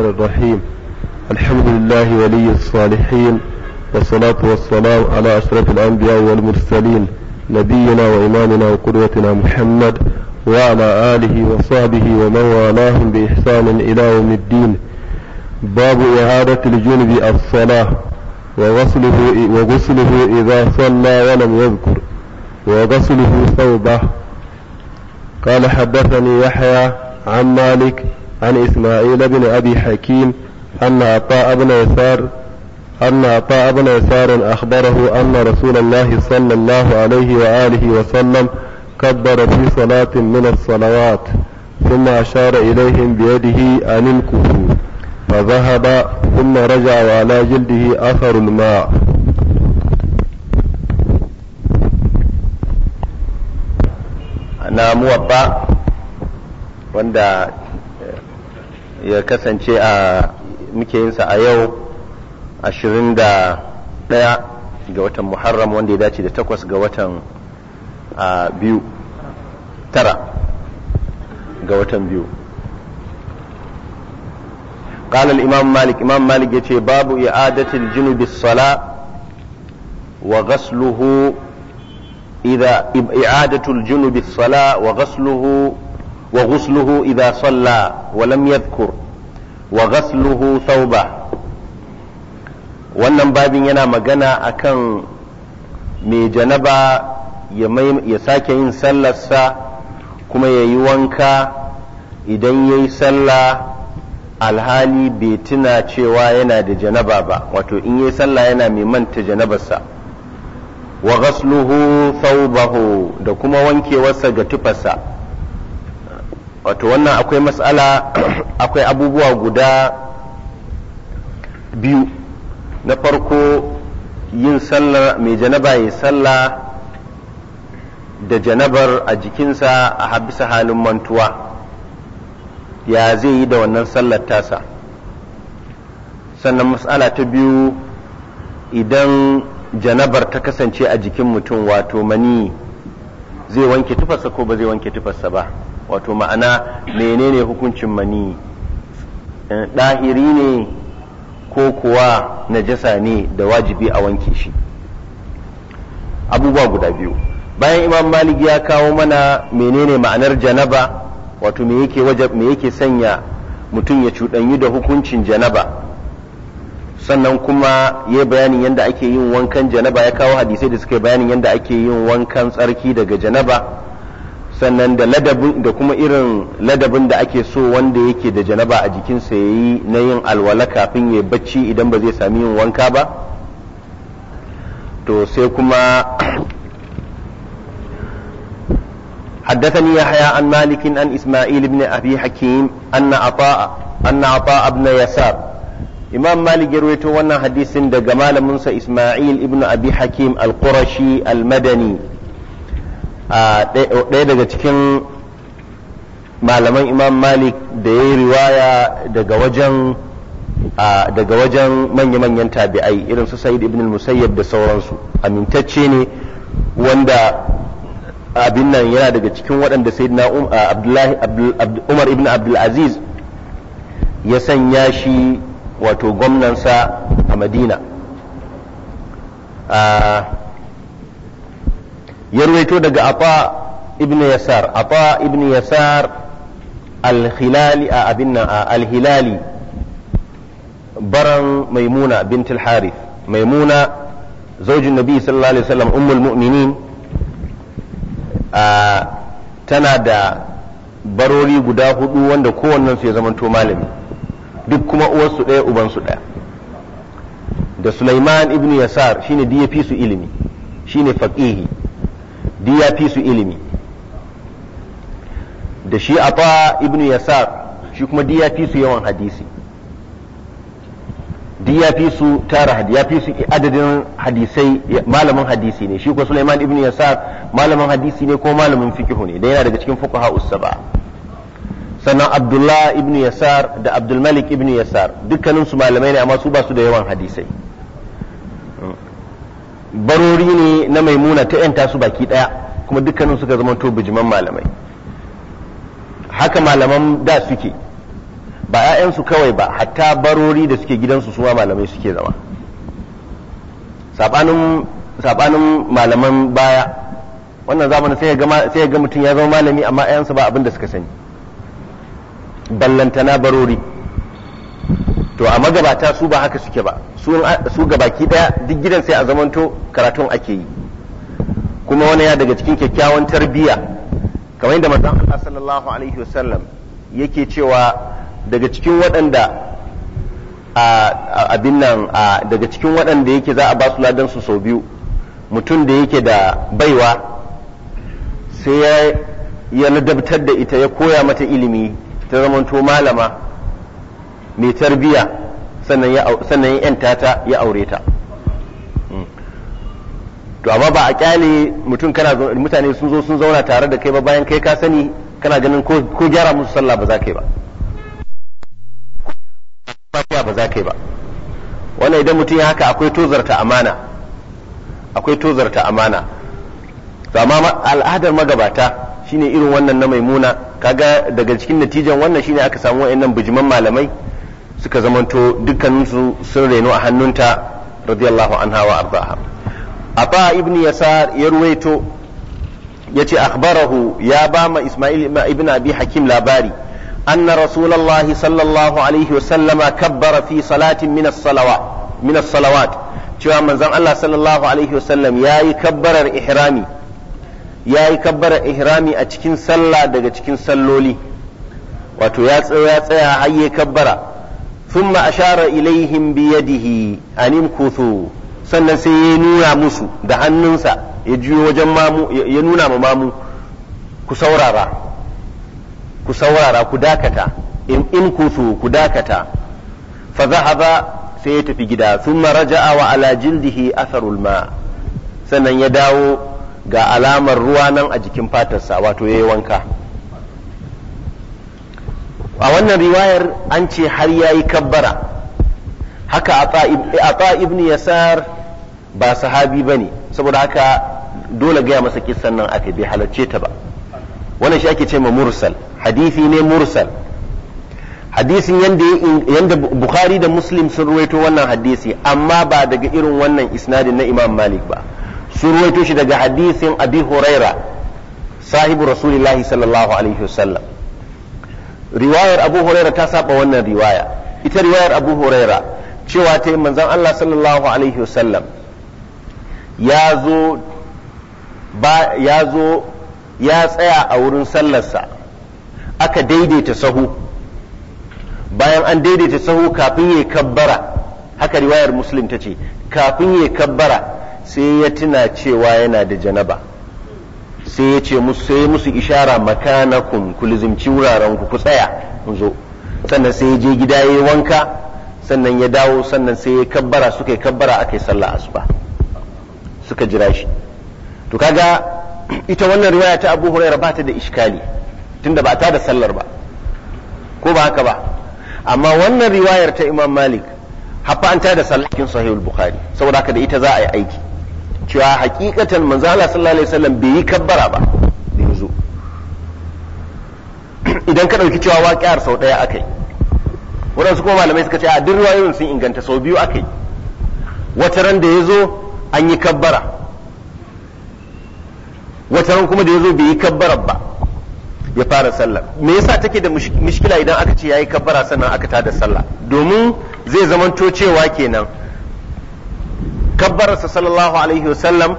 الرحمن الرحيم الحمد لله ولي الصالحين والصلاة والسلام على أشرف الأنبياء والمرسلين نبينا وإمامنا وقدوتنا محمد وعلى آله وصحبه ومن والاهم بإحسان إلى يوم الدين باب إعادة الجنب الصلاة وغسله وغسله إذا صلى ولم يذكر وغسله ثوبه قال حدثني يحيى عن مالك عن إسماعيل بن أبي حكيم أن عطاء بن يسار أن عطاء بن يسار أخبره أن رسول الله صلى الله عليه وآله وسلم كبر في صلاة من الصلوات ثم أشار إليهم بيده أن انكفوا فذهب ثم رجع وعلى جلده أثر الماء أنا موطأ wanda ya kasance a muke yin sa a yau 21 ga watan muharram wanda ya dace da 8 ga watan a biyu tara ga watan biyu قال الإمام مالك إمام مالك يتي باب إعادة الجنب الصلاة وغسله إذا إعادة الجنب الصلاة وغسله وغسله إذا صلى ولم يذكر وغسله ثوبة wannan babin yana magana akan mai janaba ya sake yin sallarsa kuma ya yi wanka idan ya yi sallah alhali bai tuna cewa yana da janaba ba wato in ya yi sallah yana mai manta janabarsa wa gasluhu thawbahu da kuma wankewarsa ga tufarsa wato wannan akwai matsala akwai abubuwa guda biyu na farko yin sallar mai janaba ya salla da janabar a jikinsa a habisa halin mantuwa ya zai yi da wannan sallar tasa sannan matsala ta biyu idan janabar ta kasance a jikin mutum wato mani zai wanke tufarsa ko ba zai wanke tufarsa ba wato ma'ana menene hukuncin mani eh, ɗahiri ne ko kuwa najasa ne da wajibi a wanke shi abubuwa guda biyu bayan imam malik ya kawo mana menene ma'anar janaba wato me yake wajab sanya mutum ya cuɗanyi da hukuncin janaba sannan kuma ya bayanin yadda ake yin wankan janaba ya kawo hadisai da suka bayanin yadda ake yin wankan tsarki daga janaba sannan da ladabin da kuma irin ladabin da ake so wanda yake da janaba a jikinsa ya yi na yin alwala kafin ya bacci idan ba zai sami yin wanka ba to sai kuma حدثني يحيى عن مالك عن اسماعيل بن ابي حكيم ان عطاء ان عطاء بن يسار امام مالك يرويته وانا حديث دغ مالمنسى اسماعيل ابن ابي حكيم القرشي المدني ɗaya daga cikin malaman imam malik da ya yi riwaya daga wajen daga manya-manyan tabi'ai irin su sa'id ibn musayyab da sauransu amintacce ne wanda abin nan yana daga cikin waɗanda sayyidina um, umar ibn abdulaziz ya sanya shi wato gwamnansa a madina ya ruwaito daga afa ibn yasar afa ibn yasar al-hilali a abin al-hilali baran maimuna bint al maimuna zaujin nabi sallallahu alaihi wasallam ummul mu'minin tana da barori guda hudu wanda kowannen su ya zamanto malami duk kuma uwarsu ɗaya ubansu ɗaya da Sulaiman ibn Yasar shine da su ilimi shine faqihi duk ya fi su ilimi da shi ata ibn yasar shi kuma duk ya fi su yawan hadisi duk ya fi su tara ya fi su adadin hadisai malamin hadisi ne shi kuma Sulaiman ibn Yasar malamin hadisi ne ko malamin fikihu ne da yana daga cikin fuqaha usaba sannan Abdullah ibn Yasar da Abdulmalik Malik ibn Yasar dukkanin su malamai ne amma su ba su da yawan hadisai barori ne na maimuna ta yanta su baki daya kuma dukkanin suka zama to bijiman malamai haka malaman da suke ba 'ya'yansu kawai ba hatta barori da suke gidansu suma malamai suke zama sabanin malaman baya wannan zamanin sai ya ga mutum ya zama malami amma 'ya'yansa ba abin da suka sani ballantana barori to a magabata su ba haka suke ba su gabaki daya duk gidan sai a zamanto karatun ake yi kuma wani ya daga cikin kyakkyawan tarbiyya kamar yadda manzon Allah sallallahu alaihi wasallam yake cewa daga cikin waɗanda abin nan daga cikin waɗanda yake za a ba su ladan su sau biyu mutum da yake da baiwa sai ya ladabtar da ita ya koya mata ilimi ta zamanto malama mai tarbiya sannan ya yan tata ya aure ta hmm. to amma ba a kyale mutum kana mutane sun zo sun zauna tare da kai ba bayan kai ka sani kana ganin ko gyara musu sallah ba za ka yi ba ba za ka yi ba wannan idan mutum ya haka akwai tozarta amana akwai tozarta amana to amma al'adar magabata shine irin wannan na maimuna kaga daga cikin natijan wannan shine aka samu wayannan bijiman malamai suka zamanto dukkaninsu sun reno a hannunta radiyallahu anha wa ardaha aba ibn yasar ya ruwaito yace akhbarahu ya ba ma isma'il ibn abi hakim labari anna rasulullahi sallallahu alaihi wa sallama kabbara fi salatin min as-salawat min as-salawat cewa manzon Allah sallallahu alaihi wa sallam yayi kabbarar ihrami yayi kabbarar ihrami a cikin sallah daga cikin salloli wato ya tsaya ya tsaya har yayi kabbara ثم أشار إليهم بيده أن امكثوا sannan sai ya nuna musu da hannunsa ya juyo nuna ma mamu ku saurara ku dakata in kusu ku dakata fa zahaba sai ya tafi gida thumma raja'a wa ala jildihi atharul ma sannan ya dawo ga alamar ruwa nan a jikin fatarsa wato yayi wanka a wannan riwayar an ce har ya yi kabbara haka ata ibn yasar ba sahabi ba ne saboda haka dole gaya masa kisan nan aka bai halarce ta ba wannan shi ake ce ma mursal hadisi ne mursal hadisin yanda bukhari da muslim sun ruwaito wannan hadisi amma ba daga irin wannan isnadin na imam malik ba sun ruwaito shi daga hadisin abi huraira sahibu rasulullahi sallallahu alaihi wasallam riwayar abu huraira ta saba wannan riwaya ita riwayar abu huraira cewa ta yi manzan allah sallallahu alaihi wasallam ya ya tsaya a wurin sallarsa aka daidaita sahu bayan an daidaita sahu kafin ya kabbara haka riwayar muslim ta ce kafin ya kabbara sai ya tuna cewa yana da janaba sai ya ce musu sai musu ishara makanakum ku lizimci wuraren ku ku tsaya ku zo sannan sai ya je gida yayi wanka sannan ya dawo sannan sai ya kabbara suka yi kabbara aka yi sallah asuba suka jira shi to kaga ita wannan riwaya ta Abu Hurairah ba ta da iskali tunda ba ta da sallar ba ko ba haka ba amma wannan riwayar ta Imam Malik haffa an ta da sallah cikin Sahihul Bukhari saboda haka da ita za a yi aiki cewa hakikatan manzo Allah sallallahu alaihi wasallam bai yi kabbara ba da idan ka dauki cewa waƙiyar sau daya akai wadansu kuma malamai suka ce a duk ruwayoyin sun inganta sau biyu akai wata ran da yazo an yi kabbara wata ran kuma da yazo bai yi kabbara ba ya fara sallah me yasa take da mushkila idan aka ce yayi kabbara sannan aka tada sallah domin zai zamanto cewa kenan kabbararsa sallallahu alaihi wasallam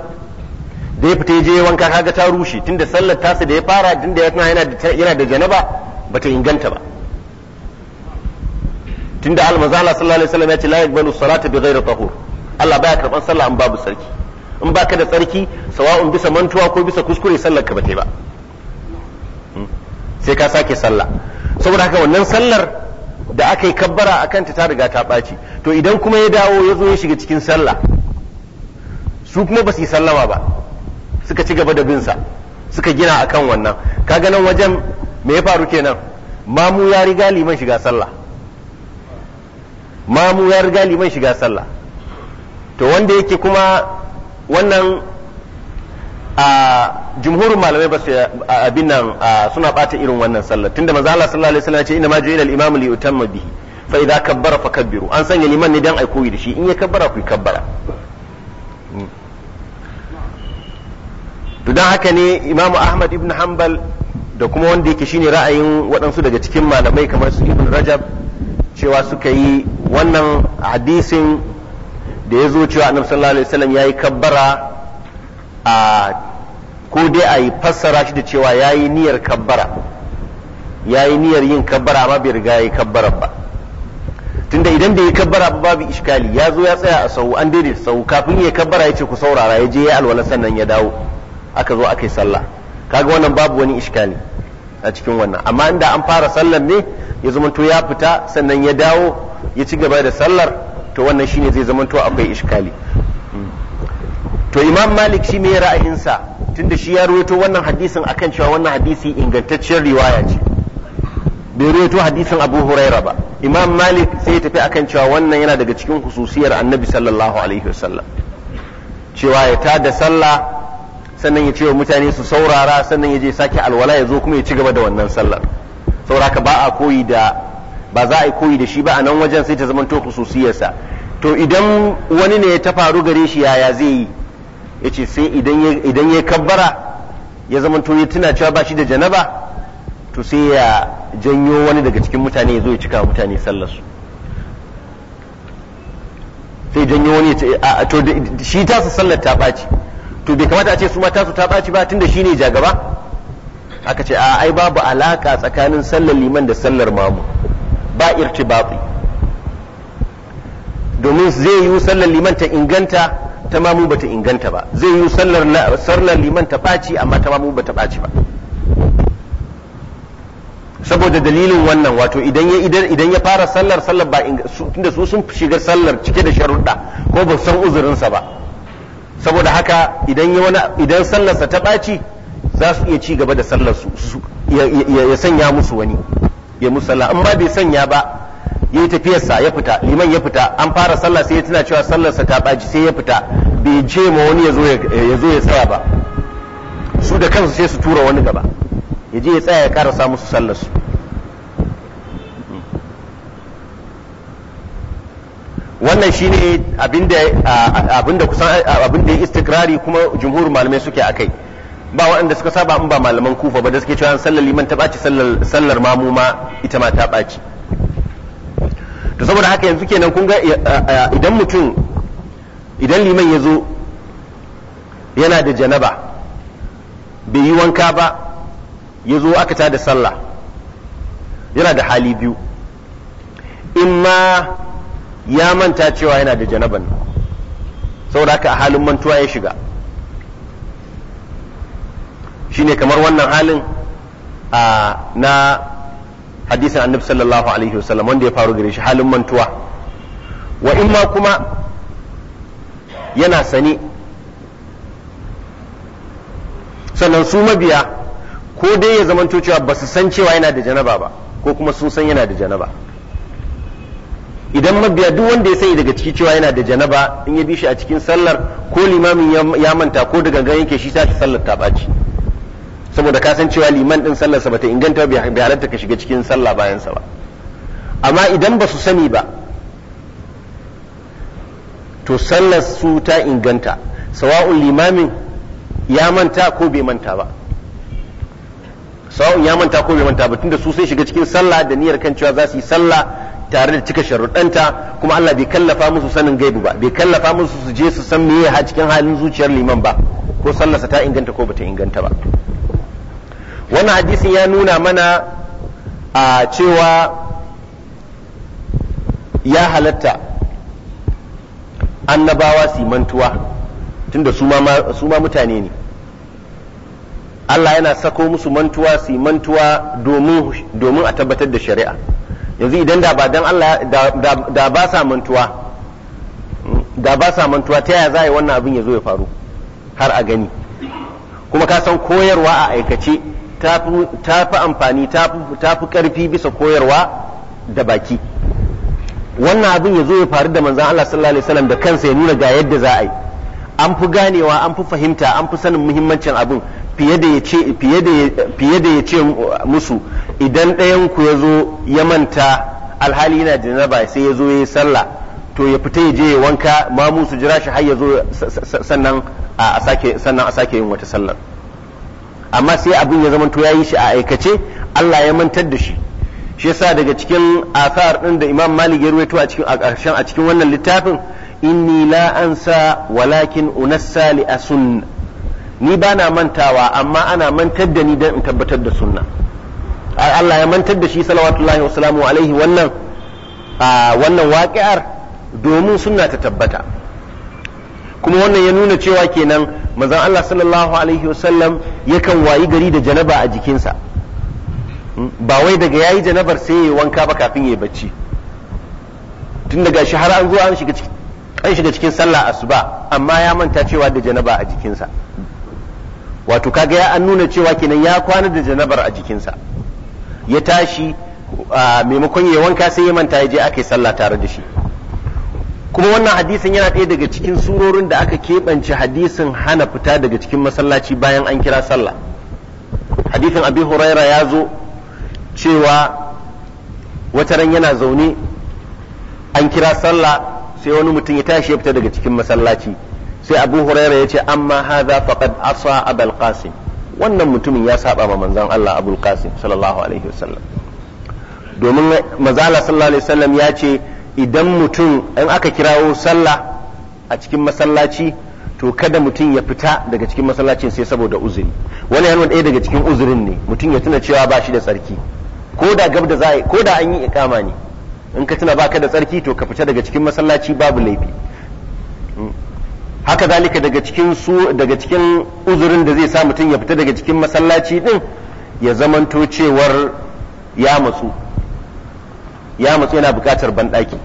da ya fita je wanka kaga ta rushe tunda sallar tasa da ya fara tunda ya yana yana da janaba ta inganta ba tunda almazala sallallahu alaihi wasallam ya ce la yakbalu salata bi ghairi tahur Allah baya karban sallah an babu sarki in baka da sarki sawa'un bisa mantuwa ko bisa kuskure sallar ka bata ba hmm? sai ka sake sallah saboda haka wannan sallar da aka yi kabbara a kanta ta riga ta ɓaci to idan kuma ya dawo ya zo ya shiga cikin sallah su kuma ba su yi sallama ba suka ci gaba da bin sa suka gina akan wannan kaga nan wajen me ya faru kenan mamu ya riga liman shiga sallah mamu ya riga liman shiga sallah to wanda yake kuma wannan a jumhurin malamai ba su abin nan suna bata irin wannan sallah tunda manzo Allah sallallahu alaihi wasallam ya ce inna ma ju'ila al imam li yutamma bihi fa idza kabbara fakabbiru an sanya liman ne dan ai koyi da shi in ya kabbara ku kabbara hmm. to don haka ne imamu ahmad ibn hanbal da kuma wanda yake shine ra'ayin waɗansu daga cikin malamai kamar su ibn rajab cewa suka yi wannan hadisin da ya zo cewa annabi sallallahu alaihi wasallam yayi kabbara a ko dai a yi fassara shi da cewa yayi niyyar kabbara yayi niyyar yin kabbara amma bai riga yayi kabbara ba tunda idan bai yi kabbara ba babu iskali ya zo ya tsaya a sahu an daidaita sau kafin ya kabbara ya ce ku saurara ya je ya alwala sannan ya dawo aka zo aka yi sallah kaga wannan babu wani iskali a cikin wannan amma inda an fara sallar ne ya zamanto ya fita sannan ya dawo ya ci gaba da sallar to wannan shine zai zamanto akwai iskali to imam malik shi me ra'ayinsa tunda shi ya ruwaito wannan hadisin akan cewa wannan hadisi ingantacciyar riwaya ce bai ruwaito hadisin abu huraira ba imam malik sai ya tafi akan cewa wannan yana daga cikin hususiyar annabi sallallahu alaihi wasallam cewa ya tada sallah sannan ya ce wa mutane su saurara sannan ya je sake alwala ya zo kuma ya ci gaba da wannan sallar sauraka ba a koyi da ba za a koyi da shi ba a nan wajen sai ta zamanto khususiyarsa to idan wani ne ya ta faru gare shi yaya zai yi ya ce sai idan ya kabbara ya to ya tuna cewa ba shi da janaba to sai ya janyo wani daga cikin mutane ya zo ya cika mutane sallar su sai janyo wani ya ce to shi ta su sallar ta ɓaci to bai kamata a ce su mata su ta ɓaci ba tunda shine jagaba aka ce a ai babu alaka tsakanin sallar liman da sallar mamu ba irtibati domin zai yi sallar liman ta inganta ta mamu ba ta inganta ba zai yi sallar liman ta ɓaci amma ta mamu ba ta ɓaci ba saboda dalilin wannan wato idan ya idan ya fara sallar sallar ba tunda su sun shiga sallar cike da sharuɗa ko ba san uzurinsa ba saboda haka idan ya wani idan sallarsa ta ɓaci za su iya ci gaba da sallarsu ya sanya musu wani ya musu sallah amma bai sanya ba ya yi tafiyarsa ya fita liman ya fita an fara sallah sai ya tuna cewa sallarsa ta ɓaci sai ya fita bai je ma wani ya zo ya tsaya ba su da kansu sai su tura wani gaba ya je ya tsaya ya sa musu sallarsu wannan shi ne abinda ya istikrari kuma jumhur malamai suke a kai ba waɗanda suka saba in ba malaman kufa ba da suke cewa sallar liman ta ɓaci sallar mamu ma ita ma ta ɓaci to saboda haka yanzu kenan kun ga idan mutum idan liman ya zo yana da janaba bai yi wanka ba ya zo aka ta da sallah yana da hali biyu in ma ya manta cewa yana da janaban saboda haka a halin mantuwa ya shiga shine kamar wannan halin na hadisin annab sallallahu alaihi wasallam wanda ya faru gare shi halin mantuwa wa in ma kuma yana sani sannan su mabiya ko dai ya zamanto cewa ba su san cewa yana da janaba ba ko kuma sun san yana da janaba idan mabiya duk wanda ya sani daga ciki cewa yana da janaba in ya bi shi a cikin sallar ko limamin ya manta ko da gangan yake shi sai sallar ta baci saboda ka san cewa liman din sallar sa bata inganta bai halatta ka shiga cikin sallah bayan sa ba amma idan ba su sani ba to sallar su ta inganta sawa'un limamin ya manta ko bai manta ba sawa'un ya manta ko bai manta ba tunda su sai shiga cikin sallah da niyyar kan cewa za su yi sallah tare da cika sharuɗanta kuma Allah bai kallafa musu sanin gaibu ba bai kallafa musu su je su san meye ha cikin halin zuciyar liman ba ko sallarsa ta inganta ko bata inganta ba wannan hadisin ya nuna mana a cewa ya halatta annabawa su mantuwa tunda su ma mutane ne Allah yana sako musu mantuwa su mantuwa domin a tabbatar da shari'a yanzu idan da ba dan Allah da ba sa mantuwa da ba sa mantuwa ta yaya za a yi wannan abin ya zo ya faru har a gani kuma ka san koyarwa a aikace ta fi amfani ta fi karfi bisa koyarwa da baki wannan abin ya zo ya faru da manzan Allah sallallahu alaihi wasallam da kansa ya nuna ga yadda za a yi an fi ganewa an fi fahimta an fi sanin muhimmancin abin fiye da ya ce musu idan ɗayanku ya zo ya manta alhali yana ba sai ya zo ya yi sallah to ya fita ya je ya wanka mamu su jira shi har ya zo sannan a sake sannan a sake yin wata sallar amma sai abin ya zama to ya yi shi a aikace Allah ya mantar da shi shi yasa daga cikin asar din da Imam Malik ya ruwaito a cikin a ƙarshen a cikin wannan littafin inni la ansa walakin unassa li asunna ni bana mantawa amma ana mantar da ni dan in tabbatar da sunna Allah ya mantar da shi salawatullahi wa salamu alaihi wannan wannan waƙi'ar domin suna ta tabbata kuma wannan ya nuna cewa kenan manzon Allah sallallahu alaihi wasallam yakan wayi gari da janaba a jikinsa hmm? ba wai daga yayi janabar sai ya wanka ba kafin ya bacci tun daga shi har an zo an shiga cikin an shiga cikin sallah asuba amma ya manta cewa da janaba a jikinsa wato kaga ya an nuna cewa kenan ya kwana da janabar a jikinsa ya tashi maimakon ya wanka sai ya manta ya je aka yi sallah tare da shi kuma wannan hadisin yana ɗaya daga cikin surorin da aka keɓance hadisin hana fita daga cikin masallaci bayan an kira sallah hadisin abi huraira ya zo cewa wata ran yana zaune an kira sallah sai wani mutum ya tashi ya fita daga cikin masallaci sai abu huraira ya ce amma hadha faqad asa abal qasim wannan mutumin ya saba ma manzon Allah Abul Qasim sallallahu alaihi wasallam domin mazala sallallahu alaihi wasallam ya ce idan mutum in aka kirawo sallah a cikin masallaci to kada mutum ya fita daga cikin masallacin sai saboda uzuri wani yana ɗaya daga cikin uzurin ne mutum ya tuna cewa ba shi da tsarki ko da gab da ko da an yi ikama ne in ka tuna baka da tsarki to ka fita daga cikin masallaci babu laifi haka zalika daga cikin su daga cikin uzurin da zai sa mutum ya fita daga cikin masallaci din ya zamanto cewar ya matsu ya matsu yana buƙatar banɗaki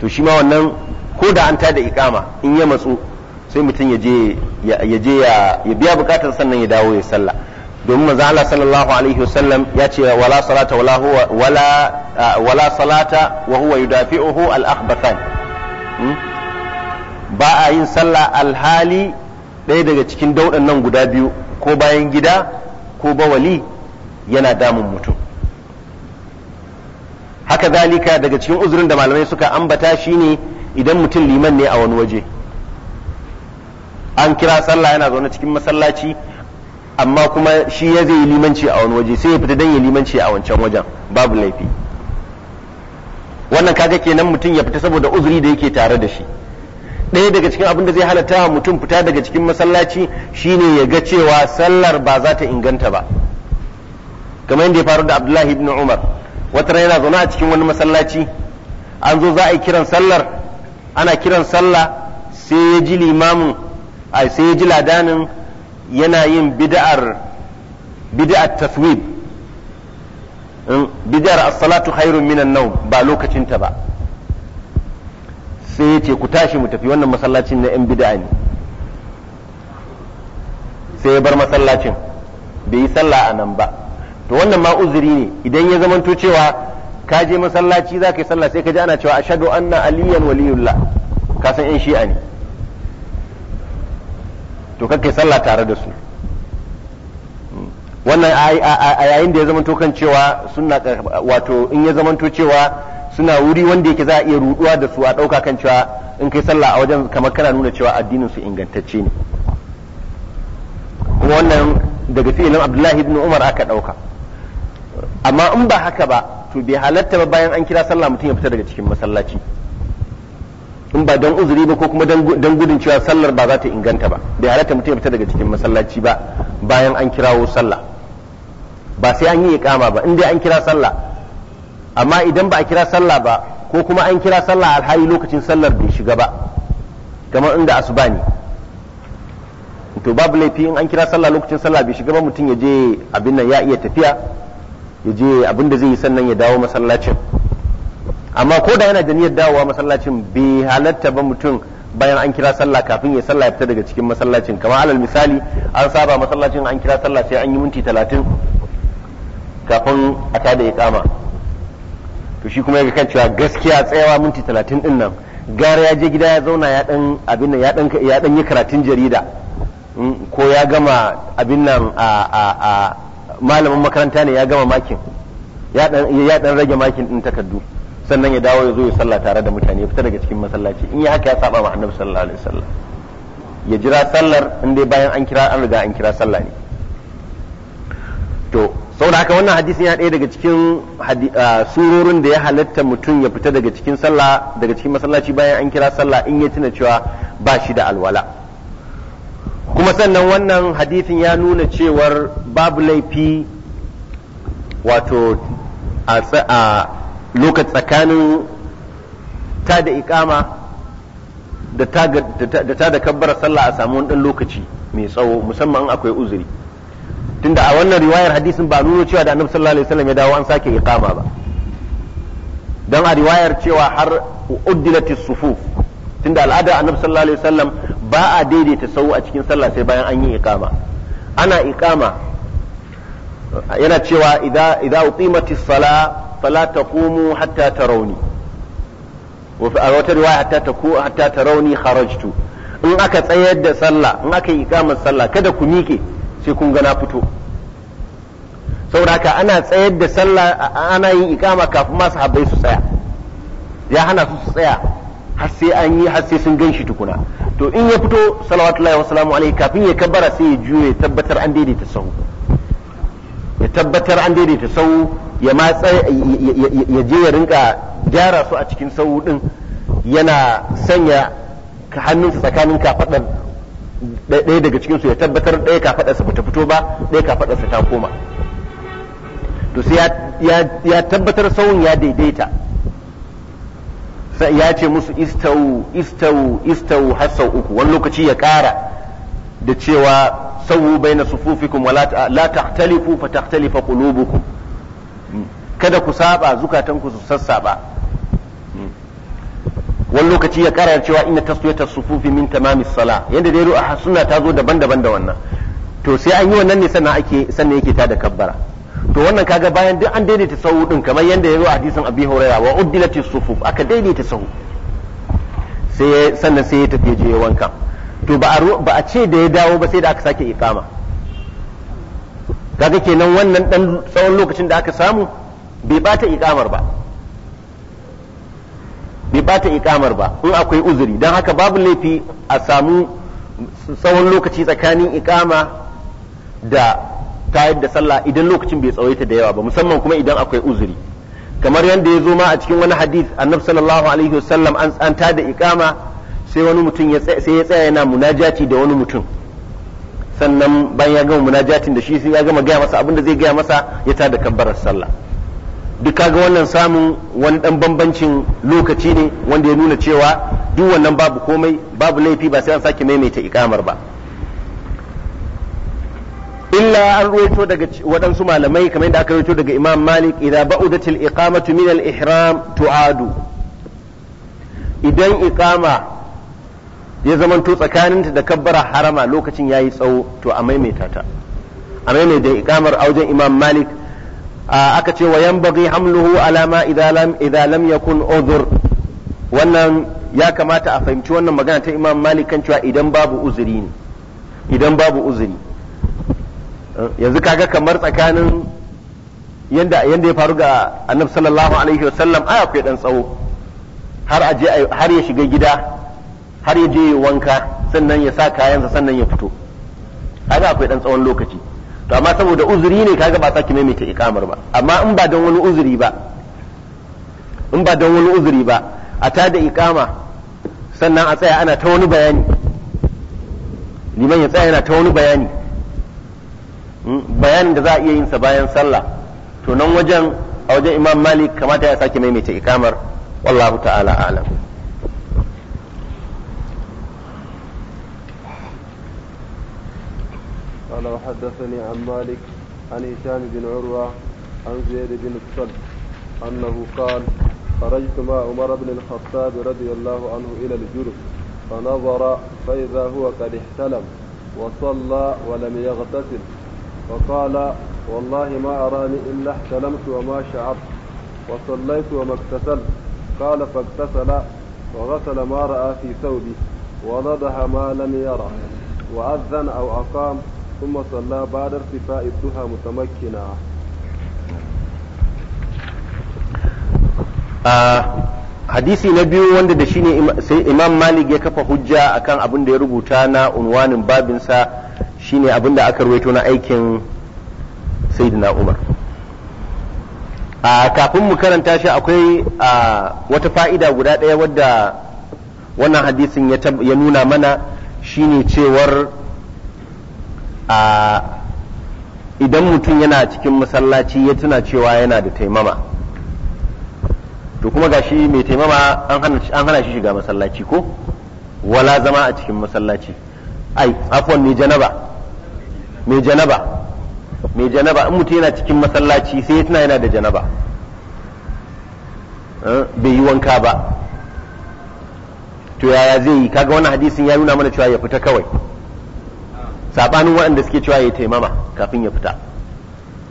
to shi ma wannan ko da an tada ikama in ya matsu sai mutum ya je ya biya buƙatar sannan ya dawo ya salla domin manzo Allah sallallahu alaihi wasallam ya ce wala salata wala huwa wala wala salata wa huwa yudafi'uhu al-akhbathan hmm? ba a yin sallah alhali ɗaya daga cikin daudan nan guda biyu ko bayan gida ko bawali yana damun mutum haka zalika daga cikin uzurin da malamai suka ambata shi ne idan mutum liman ne a wani waje an kira sallah yana zaune cikin masallaci amma kuma shi ya zai yi limanci a wani waje sai ya fita don ya limanci a wancan wajen babu laifi wannan kaga kenan mutum ya fita saboda uzuri da yake tare da shi ɗaya daga cikin abin da zai halatta wa mutum fita daga cikin masallaci shine ya ga cewa sallar ba za ta inganta ba kamar yadda ya faru da abdullahi ibn umar wata rana yana zaune a cikin wani masallaci an zo za a yi kiran sallar ana kiran salla sai ya ji limamin sai ya ji ladanin yana yin bid'ar bid'ar taswib bid'ar asalatu salatu khairun minan nau ba lokacinta ba sai ya ce ku tashi mu tafi wannan masallacin na 'yan bid'a ne sai ya bar masallacin bai yi sallah a nan ba to wannan ma uzuri ne idan ya zamanto cewa ka je masallaci za ka yi sallah sai ka ji ana cewa ashadu anna aliyan waliyullah ka san 'yan shi'a ne to kakai sallah tare da su wannan a yayin da ya zamanto kan cewa sunna wato in ya zamanto cewa suna wuri wanda yake za a iya ruduwa da su a ɗauka kan cewa in kai sallah a wajen kamar kana nuna cewa addinin su ingantacce ne kuma wannan daga fi'ilin abdullahi ibn umar aka ɗauka amma in ba haka ba to bai halatta ba bayan an kira sallah mutum ya fita daga cikin masallaci in ba don uzuri ba ko kuma don gudun cewa sallar ba za ta inganta ba bai halatta mutum ya fita daga cikin masallaci ba bayan an kirawo sallah ba sai an yi iqama ba in dai an kira sallah amma idan ba a kira sallah ba ko kuma an kira sallah alhali lokacin sallar bai shiga ba kamar inda asuba ne to babu laifi in an kira sallah lokacin sallah bai shiga ba mutum ya je abin nan ya iya tafiya ya je abin da zai yi sannan ya dawo masallacin amma ko da yana da niyyar dawowa masallacin bai halatta ba mutum bayan an kira sallah kafin ya sallah ya fita daga cikin masallacin kamar alal misali an saba masallacin an kira sallah sai an yi minti talatin kafin a tada ya kama to shi kuma ya kan cewa gaskiya tsayawa minti talatin din nan gara ya je gida ya zauna ya dan ya dan yi karatun jarida mm, ko ya gama abin nan a malamin makaranta ne ya gama makin ya dan rage makin din takardu sannan ya dawo ya zo ya sallah tare da mutane ya fita daga cikin masallaci in ya haka ya saba ma annabi sallallahu alaihi wasallam ya jira sallar in dai bayan an kira an riga an kira sallah ne to saboda haka wannan hadisin ya ɗaya daga cikin ah, surorin da ya halatta mutum ya fita daga cikin sallah daga cikin masallaci bayan an kira sallah in ya tuna cewa ba shi da alwala kuma sannan wannan hadisin ya nuna cewar babu laifi wato a lokacin tsakanin ta da ikama da ta da kabbara sallah a samu wani lokaci mai tsawo musamman akwai uzuri tunda a wannan riwayar hadisin ba nuno cewa da annabi sallallahu alaihi wasallam ya dawo an sake iqama ba dan a riwayar cewa har uddilatis sufuf tunda al'ada annabi sallallahu alaihi wasallam ba a daidaita sau a cikin sallah sai bayan an yi iqama ana iqama yana cewa idza idza uqimatis sala fala taqumu hatta tarawni wa fi wata riwaya hatta taku hatta tarawni kharajtu in aka tsayar da sallah in aka yi iqamar sallah kada ku mike sai kun ga na fito saboda ana tsayar da sallah ana yin ikama kafin masu habai su tsaya ya hana su su tsaya har sai an yi har sai sun ganshi tukuna to in ya fito salawatullahi salamu alaihi kafin ya kabbara sai ya juye ya tabbatar an daidaita sahu ya tabbatar an daidaita sahu ya matsa ya je ya rinka gyara su a cikin sahu din yana sanya hannunsa tsakanin kafadar ɗaya daga su ya tabbatar ɗaya kafaɗarsa ta fito ba ɗaya kafaɗarsa ta koma to sai ya tabbatar sauyin ya daidaita Sa'i ya ce musu istau-istau istau har sau uku wani lokaci ya ƙara da cewa sawu bai na sufufikum wa la tahtalifu fa tahtalifa qulubukum kada ku saba zukatanku su sassaba wani lokaci ya kara cewa ya taswiyatar sufufi min tamamis sala yadda dai ru'a suna ta zo daban-daban da wannan to sai an yi wannan ne sannan ake sannan yake ta da kabbara to wannan kaga bayan duk an daidaita sahu din kamar yadda ya zo a hadisin abi hurairah wa uddilati sufuf aka daidaita sahu sai sannan sai ya tafi je wanka to ba a ce da ya dawo ba sai da aka sake iqama kaga kenan wannan dan tsawon lokacin da aka samu bai bata iqamar ba bai bata ikamar ba in akwai uzuri don haka babu laifi a samu tsawon lokaci tsakanin ikama da tayar da sallah idan lokacin bai tsawaita da yawa ba musamman kuma idan akwai uzuri kamar yadda ya zo ma a cikin wani hadith annabi sallallahu alaihi wasallam an ta da ikama sai wani mutum sai ya tsaya yana munajati da wani mutum sannan bayan ya gama munajatin da shi sai ya gama gaya masa abin da zai gaya masa ya ta da kabbarar sallah duk kaga wannan samun wani dan bambancin lokaci ne wanda ya nuna cewa duk wannan babu komai babu laifi ba sai an sake maimaita ikamar ba illa an ruwaito daga waɗansu malamai kamar yadda aka ruwaito daga imam malik idan ba'udatil iqamatu min al ihram tu'adu idan iqama ya zamanto tsakaninta da kabbara harama lokacin yayi tsawo to a maimaita ta a maimaita iqamar a wajen imam malik aka ce wa bagi hamluhu alama ma idza lam idza lam wannan ya kamata a fahimci wannan magana ta Imam Malik kan cewa idan babu uzuri ne idan babu uzuri yanzu kaga kamar tsakanin yanda yanda ya faru ga Annabi sallallahu alaihi wasallam ai akwai dan tsawo har aje har ya shiga gida har ya je ya wanka sannan ya sa kayansa sannan ya fito kaga akwai dan tsawon lokaci to amma saboda uzuri ne kaga ba sake maimaita ikamar ba amma in ba don wani uzuri ba in ba don wani uzuri ba a ta da ikama sannan a tsaya ana ta wani bayani liman ya tsaya yana ta wani bayani hmm, bayanin da za a iya yin sa bayan sallah to nan wajen a wajen imam malik kamata ya sake maimaita ikamar wallahu ta'ala alam قال وحدثني عن مالك عن هشام بن عروة عن زيد بن الصلب أنه قال خرجت مع عمر بن الخطاب رضي الله عنه إلى الجرف فنظر فإذا هو قد احتلم وصلى ولم يغتسل فقال والله ما أراني إلا احتلمت وما شعرت وصليت وما اغتسلت قال فاغتسل وغسل ما رأى في ثوبه ونضح ما لم يرى وأذن أو أقام ثم صلى hadisi na biyu wanda da shine sai imam malik ya kafa hujja akan abin da ya rubuta na unwanin babinsa shine abin da aka ruwaito na aikin sayyidina umar a kafin mu karanta shi akwai wata fa'ida guda ɗaya wadda wannan hadisin ya nuna mana shine cewar a idan mutum yana cikin masallaci ya tuna cewa yana da taimama to kuma gashi mai taimama an hana shi shiga masallaci ko wala zama a cikin masallaci ai afwan mai janaba mai janaba mai janaba in mutum yana cikin masallaci sai ya tuna yana da janaba eh, bai yi wanka ba to yaya zai yi kaga wannan hadisin ya nuna mana cewa ya fita kawai sabanin waɗanda suke cewa ya taimama kafin ya fita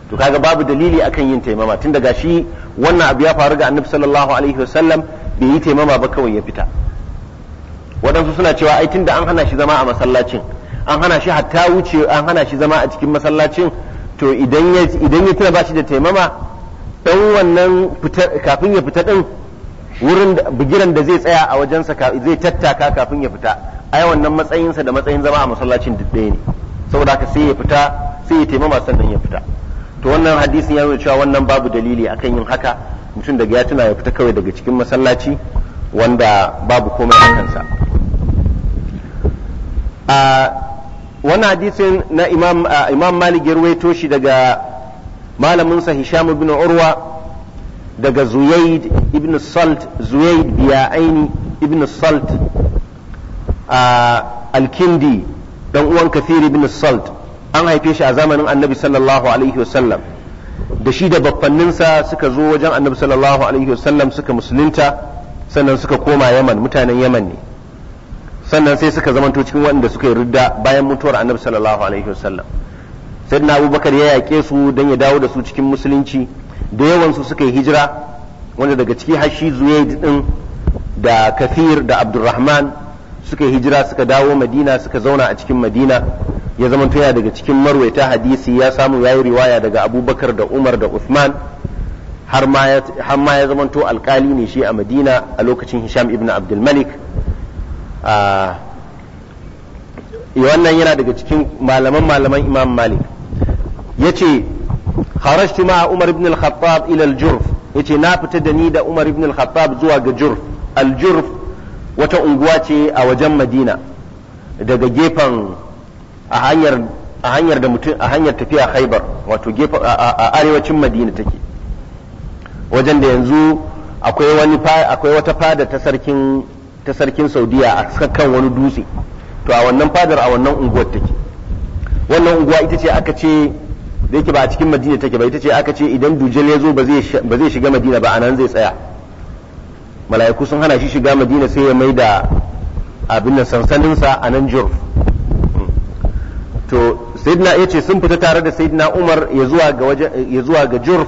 to kaga babu dalili akan yin taimama tun daga shi wannan abu ya faru ga annabi sallallahu alaihi wasallam bai yi taimama ba kawai ya fita waɗansu suna cewa ai tunda an hana shi zama a masallacin an hana shi hatta wuce an hana shi zama a cikin masallacin to idan ya idan ya tuna ba shi da taimama dan wannan fita kafin ya fita din wurin bigiran da zai tsaya a wajensa zai tattaka kafin ya fita ai wannan matsayinsa da matsayin zama a masallacin duk ne saboda haka sai ya fita sai ya taimama sannan ya fita to wannan hadisin ya nuna cewa wannan babu dalili akan yin haka mutum daga ya tuna ya fita kawai daga cikin masallaci wanda babu komai a kansa a wannan hadisin na imam imam malik ya shi daga malamin sa hisham ibn urwa daga zuyaid ibn salt zuyaid biya aini ibn salt A alkindi dan uwan kafiri bin salt an haife shi a zamanin annabi sallallahu alaihi wasallam da shi da baffanninsa suka zo wajen annabi sallallahu alaihi wasallam suka musulunta sannan suka koma yaman mutanen yaman ne sannan sai suka zamanto cikin waɗanda suka yi ridda bayan mutuwar annabi sallallahu alaihi wasallam sayyidina abubakar ya yaƙe su don ya dawo da su cikin musulunci da yawan su suka yi hijira wanda daga ciki hashi zuwaid din da kafir da abdurrahman suka hijira suka dawo madina suka zauna a cikin madina ya zama tuya daga cikin marwaita hadisi ya samu yayi riwaya daga abubakar da umar da uthman har ma ya zama to alkali ne shi a madina a lokacin hisham ibn abdul malik ah, wannan yana daga cikin malaman malaman imam malik ya ce kharashtu ma umar ibn al-khattab ila al-jurf ya ce na fita da ni da umar ibn al-khattab zuwa ga jurf al-jurf wata unguwa ce a wajen madina daga gefen a hanyar a hanyar da mutum a hanyar tafiya haibar wato gefen a arewacin madina take wajen da yanzu akwai wani akwai wata fada ta sarkin ta sarkin saudiya a sakan wani dutse to a wannan fadar a wannan unguwar take wannan unguwa ita ce aka ce da yake ba a cikin madina take ba ita ce aka ce idan dujal ya zo ba zai shiga madina ba a nan zai tsaya mala'iku sun hana shi shiga madina sai ya mai da abin nan sansaninsa a nan jurf to sayyidina ya ce sun fita tare da sayyidina umar ya zuwa ga jurf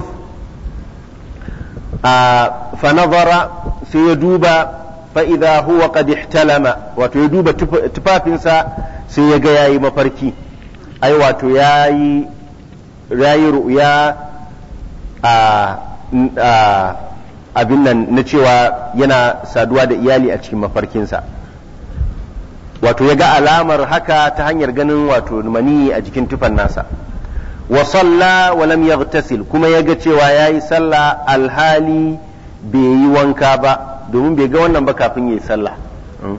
a fanazara sai ya duba fa'iza huwa qad ihtalama wato ya duba tufafinsa sai ya ga yayi mafarki ai wato yayi yi ru'ya a abin nan na cewa yana saduwa da iyali a cikin mafarkinsa wato ya ga alamar haka ta hanyar ganin wato mani a jikin tufan nasa wa salla wa lam yaghtasil kuma ya ga cewa yayi sallah alhali bai yi wanka ba domin bai ga wannan ba kafin yayi sallah hmm.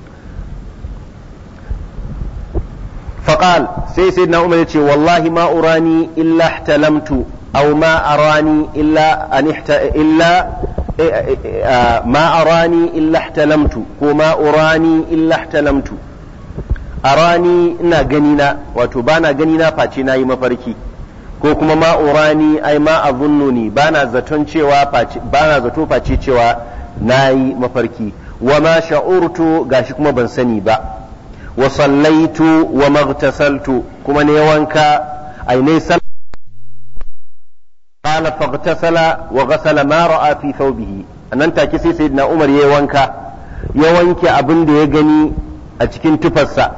sai sai na umar يقول والله wallahi أراني إلا احتلمت أو ما أراني إلا أن احت... illa ما eh, eh, eh, ah, arani illa احتلمت ko ma urani احتلمت arani ina gani na wato bana gani nayi mafarki ko kuma ma'urani urani ai ma bana zaton cewa zato face cewa nayi mafarki wa ma sha'urtu gashi kuma ban sani ba wa sallaitu wa maghtasaltu kuma ne wanka ai ne قال فاغتسل وغسل ما رأى في ثوبه take sai سيدنا Umar ya wanka ya wanke abin da ya gani a cikin tufarsa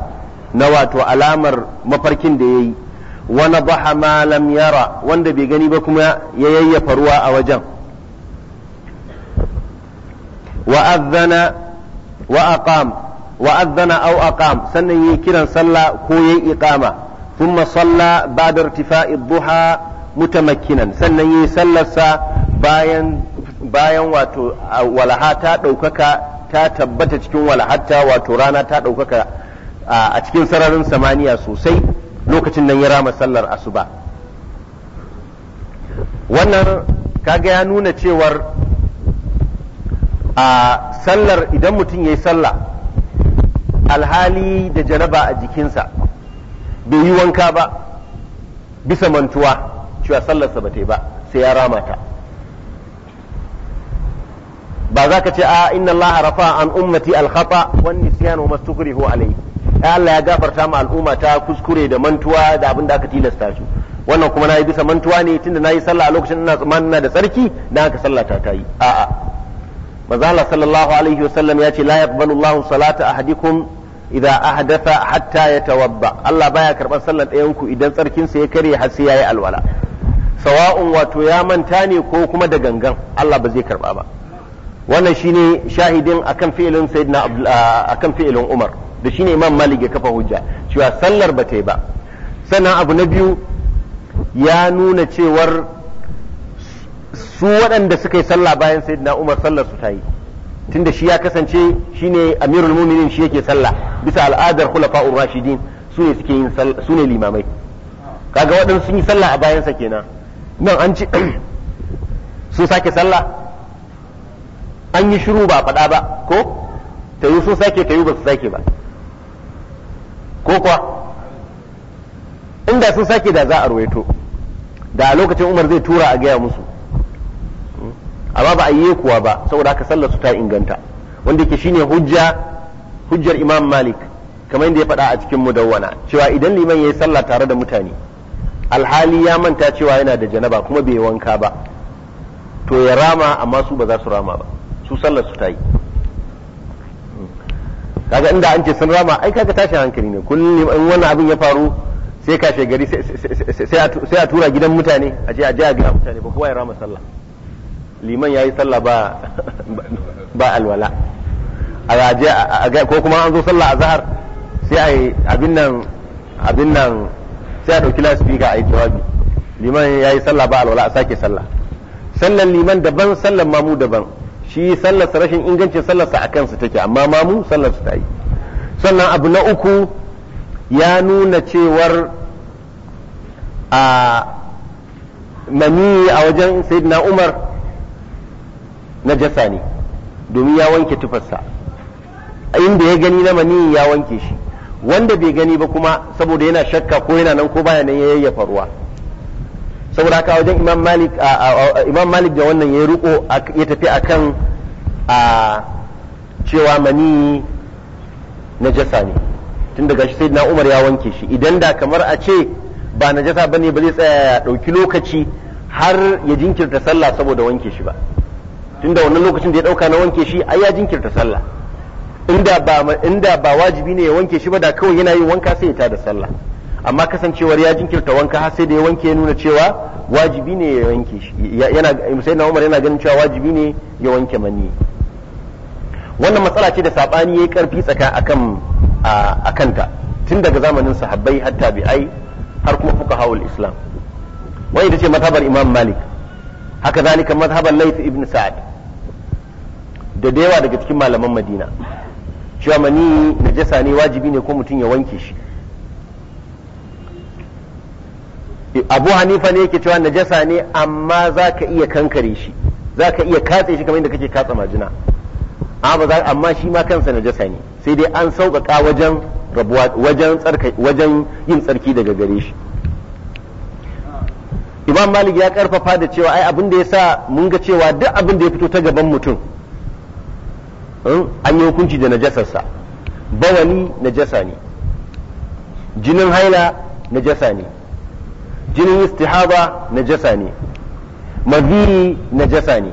na wato alamar mafarkin da ya yi wani ma lam yara wanda bai gani ba kuma ya yayyafa ruwa a wajen wa'azzana wa aqam wa'azzana au aqam sannan yi kiran sallah ko yayi iqama thumma salla ba'da irtifa'i dhuha mutamakinan sannan yi sallarsa bayan bayan wato walaha ta ɗaukaka ta tabbata cikin walahatta wato rana ta ɗaukaka a cikin sararin samaniya sosai lokacin nan ya rama sallar asuba wannan kaga ya nuna cewar a sallar idan mutum ya yi salla alhali da janaba a jikinsa bai yi wanka ba bisa mantuwa cewa sallarsa ba ta yi ba sai ya rama ta ba za ka ce a inna Allah rafa an ummati al-khata wan nisyanu wa alayhi ya Allah ya gafarta ma al'umma ta kuskure da mantuwa da abin da aka tilasta su wannan kuma nayi bisa mantuwa ne tunda nayi sallah a lokacin ina tsammanin da tsarki dan haka sallah ta tayi a'a manzo Allah sallallahu alaihi wasallam ya ce la yaqbalu Allah salata ahadikum idza ahdatha hatta tawabba Allah baya karban sallar ɗayan ku idan tsarkin sa ya kare har sai yayi alwala sawa'un wato ya manta ne ko kuma da gangan Allah ba zai karba ba wannan shine shahidin akan fi'ilin sayyidina ah, akan fi'ilin Umar da shine Imam Malik ya kafa hujja cewa sallar ba ta yi ba sannan abu na biyu ya nuna cewar su waɗanda suka yi sallah bayan sayyidina Umar sallar su ta yi tunda shi ya kasance shine amirul muminin shi yake sallah bisa al'adar khulafa'ur rashidin su ne suke yin su ne limamai kaga wadanda sun yi sallah a bayansa kenan nan an ci sun sake sallah an yi shiru ba faɗa ba ko ta yi sun sake ta yi ba su sake ba ko kuwa inda sun sake da za a ruwaito da a lokacin umar zai tura a gaya musu amma ba a yi kuwa ba saboda haka sallar su ta inganta wanda ke shine hujja hujjar imam malik kamar yadda ya faɗa a cikin mudawwana cewa idan liman ya yi sallah tare da mutane alhali ya manta cewa yana da janaba kuma bai wanka ba to ya rama amma su ba za su rama ba su sallar su ta yi kaga inda an ce sun rama ai kaga tashi hankali ne kullum in wannan abin ya faru sai ka gari sai a tura gidan mutane a ce a je a gida mutane ba kowa ya rama sallah liman ya yi sallah ba alwala a ko kuma an zo sallah a zahar sai a yi abin nan abin nan sai a ɗauki lasifika a yi jawabi liman ya yi sallah ba alwala a sake sallah sallan liman daban sallan mamu daban shi sallarsa rashin ingancin sallarsa a kansa take amma mamu sallarsa ta yi sannan abu na uku ya nuna cewar a maniyi a wajen sayyidina umar na jasa ne domin ya wanke tufarsa inda ya gani na mani ya wanke shi wanda bai gani ba kuma saboda yana shakka ko yana nan ko baya nan ya yayyafa ruwa saboda haka wajen imam malik imam malik da wannan ya riko ya tafi akan a cewa mani na jasa ne tun daga shi na umar ya wanke shi idan da kamar a ce ba na jasa ba ne zai tsaya ya dauki lokaci har ya jinkirta sallah saboda wanke shi ba tun da wannan lokacin da ya ɗauka na wanke shi ai ya jinkirta sallah inda ba inda ba wajibi ne ya wanke shi ba da kawai yana yin wanka sai ya tada sallah amma kasancewar ya jinkirta wanka har sai da ya wanke nuna cewa wajibi ne ya wanke shi yana sai na Umar yana ganin cewa wajibi ne ya wanke manni wannan matsala ce da sabani yayi karfi tsaka akan akan tun daga zamanin sahabbai har tabi'ai har kuma fuqahaul islam wai ita ce mazhabar Imam Malik haka zalika mazhabar Layth ibn Sa'ad da da daga cikin malaman Madina cewa mani najasa ne wajibi ne ko mutum ya wanke shi abu hanifa ne yake cewa najasa ne amma za ka iya kankare shi za ka iya katse shi kamar yadda kake katsa majina amma shi ma kansa najasa ne sai dai an sauƙaƙa wajen wajen yin tsarki daga gare shi imam malik ya karfafa da cewa ai abin da ya sa mun ga cewa duk abin da ya fito ta gaban mutum Hmm? an yi hukunci da najasarsa bawani najasa ne jinin haila najasa ne jinin istihaba najasa ne maziri najasa ne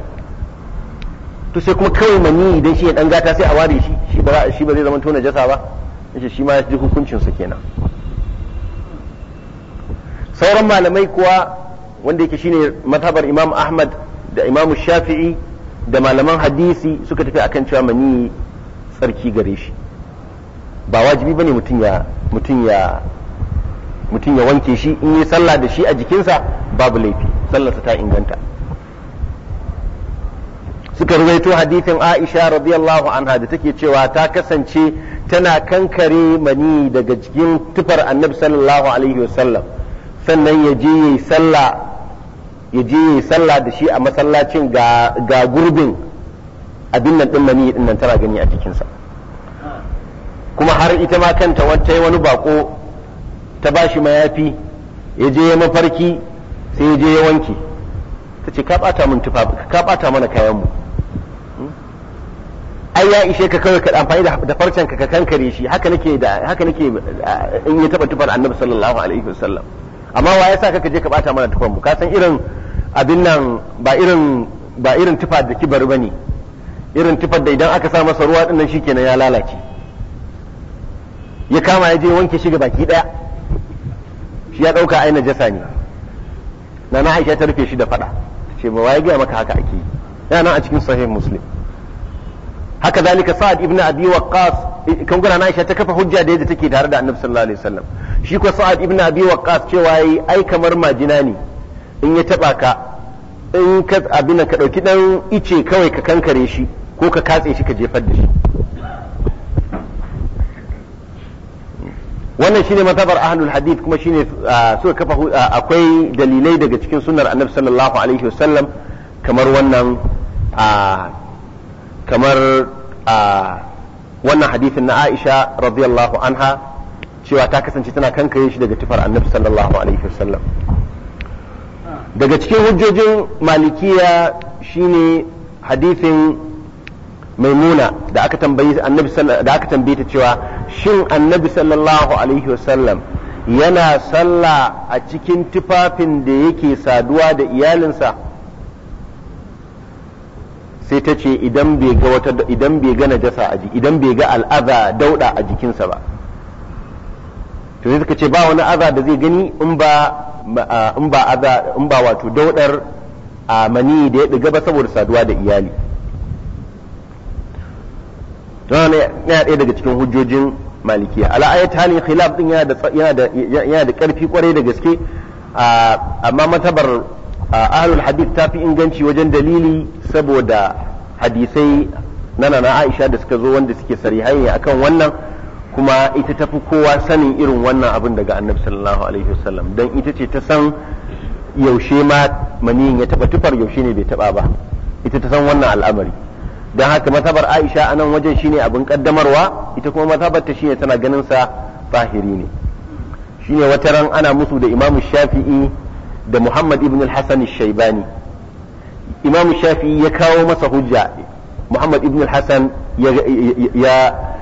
to sai kuma kawai mani idan shi ya dan gata sai a ware shi shi ba shi ba zai zama to najasa ba shi shi ma ya ji hukuncin sa kenan sauran malamai kuwa wanda yake shine mazhabar Imam Ahmad da Imam Shafi'i da malaman hadisi suka tafi akan cewa mani tsarki gare shi ba wajibi bane mutum ya mutum ya mutum ya wanke shi in yi sallah da shi a jikinsa babu laifi sallarsa ta inganta suka rawaito hadithin Aisha radiyallahu anha da take cewa ta kasance tana kankare mani daga jikin tufar annabi sallallahu alaihi wasallam sannan ya je yi sallah ya je ya yi sallah da shi a masallacin ga gurbin abin nan din mani din nan tara gani a cikinsa kuma har ita ma kanta wata yi wani bako ta ba shi mayafi ya je ya mafarki sai ya je ya wanki ta ce ka ɓata mana kayanmu hmm? ai ya ishe ka kawai ka amfani da farcen ka kankare shi haka nake da haka nake eh, in ya taba tufar annabi sallallahu alaihi wasallam amma wa yasa ka je ka bata mana tufan mu ka san irin abin nan ba irin ba irin tufa da kibar ba ne irin tufar da idan aka sa masa ruwa din nan shikenan ya lalace ya kama ya je wanke shi ga baki daya shi ya dauka aina jasa ne nana Aisha ta rufe shi da fada ce ba waye ga maka haka ake yi yana a cikin sahih muslim haka zalika sa'ad ibn abi waqqas kan gura na Aisha ta kafa hujja da yadda take tare da annabi sallallahu alaihi wasallam shi ko sa'ad ibn abi waqqas cewa ai kamar majina ne in ya taba ka in ka abin ka dauki dan ice kawai ka kankare shi ko ka katse shi ka jefar da shi wannan shine matabar ahlul hadith kuma shine ah, suka kafa ah, akwai dalilai daga cikin sunnar annabi sallallahu alaihi wasallam kamar wannan ah, kamar wannan hadithin na Aisha radiyallahu anha cewa ta kasance tana kankare shi daga tufar annabi sallallahu alaihi wasallam daga cikin hujjojin malikiya shine hadithin maimuna da aka tambayi annabi da aka tambaye ta cewa shin annabi sallallahu alaihi wasallam yana sallah a cikin tufafin da yake saduwa da iyalinsa sai ta ce idan bai ga wata idan bai ga najasa a jiki idan bai ga al'aza dauda a jikinsa ba to sai suka ce ba wani aza da zai gani in ba in ba wato daudar mani da ya diga ba saboda saduwa da iyali don yana ɗaya daga cikin hujjojin malikiya ala halin khilaf din yana da yana da karfi kwarai da gaske amma matabar ahlul hadith ta fi inganci wajen dalili saboda hadisai na na Aisha da suka zo wanda suke sarihai akan wannan kuma ita tafi kowa sanin irin wannan abin daga annabi sallallahu alaihi wasallam dan ita ce ta san yaushe ma maniyin ya taba tufar yaushe ne bai taba ba ita ta san wannan al'amari don haka matabar Aisha a nan wajen shine abin kaddamarwa ita kuma matabar ta shine tana ganin sa fahiri ne shine wata ran ana musu da Imam Shafi'i da Muhammad ibn al-Hasan al-Shaybani Imam Shafi'i ya kawo masa hujja Muhammad ibn al-Hasan ya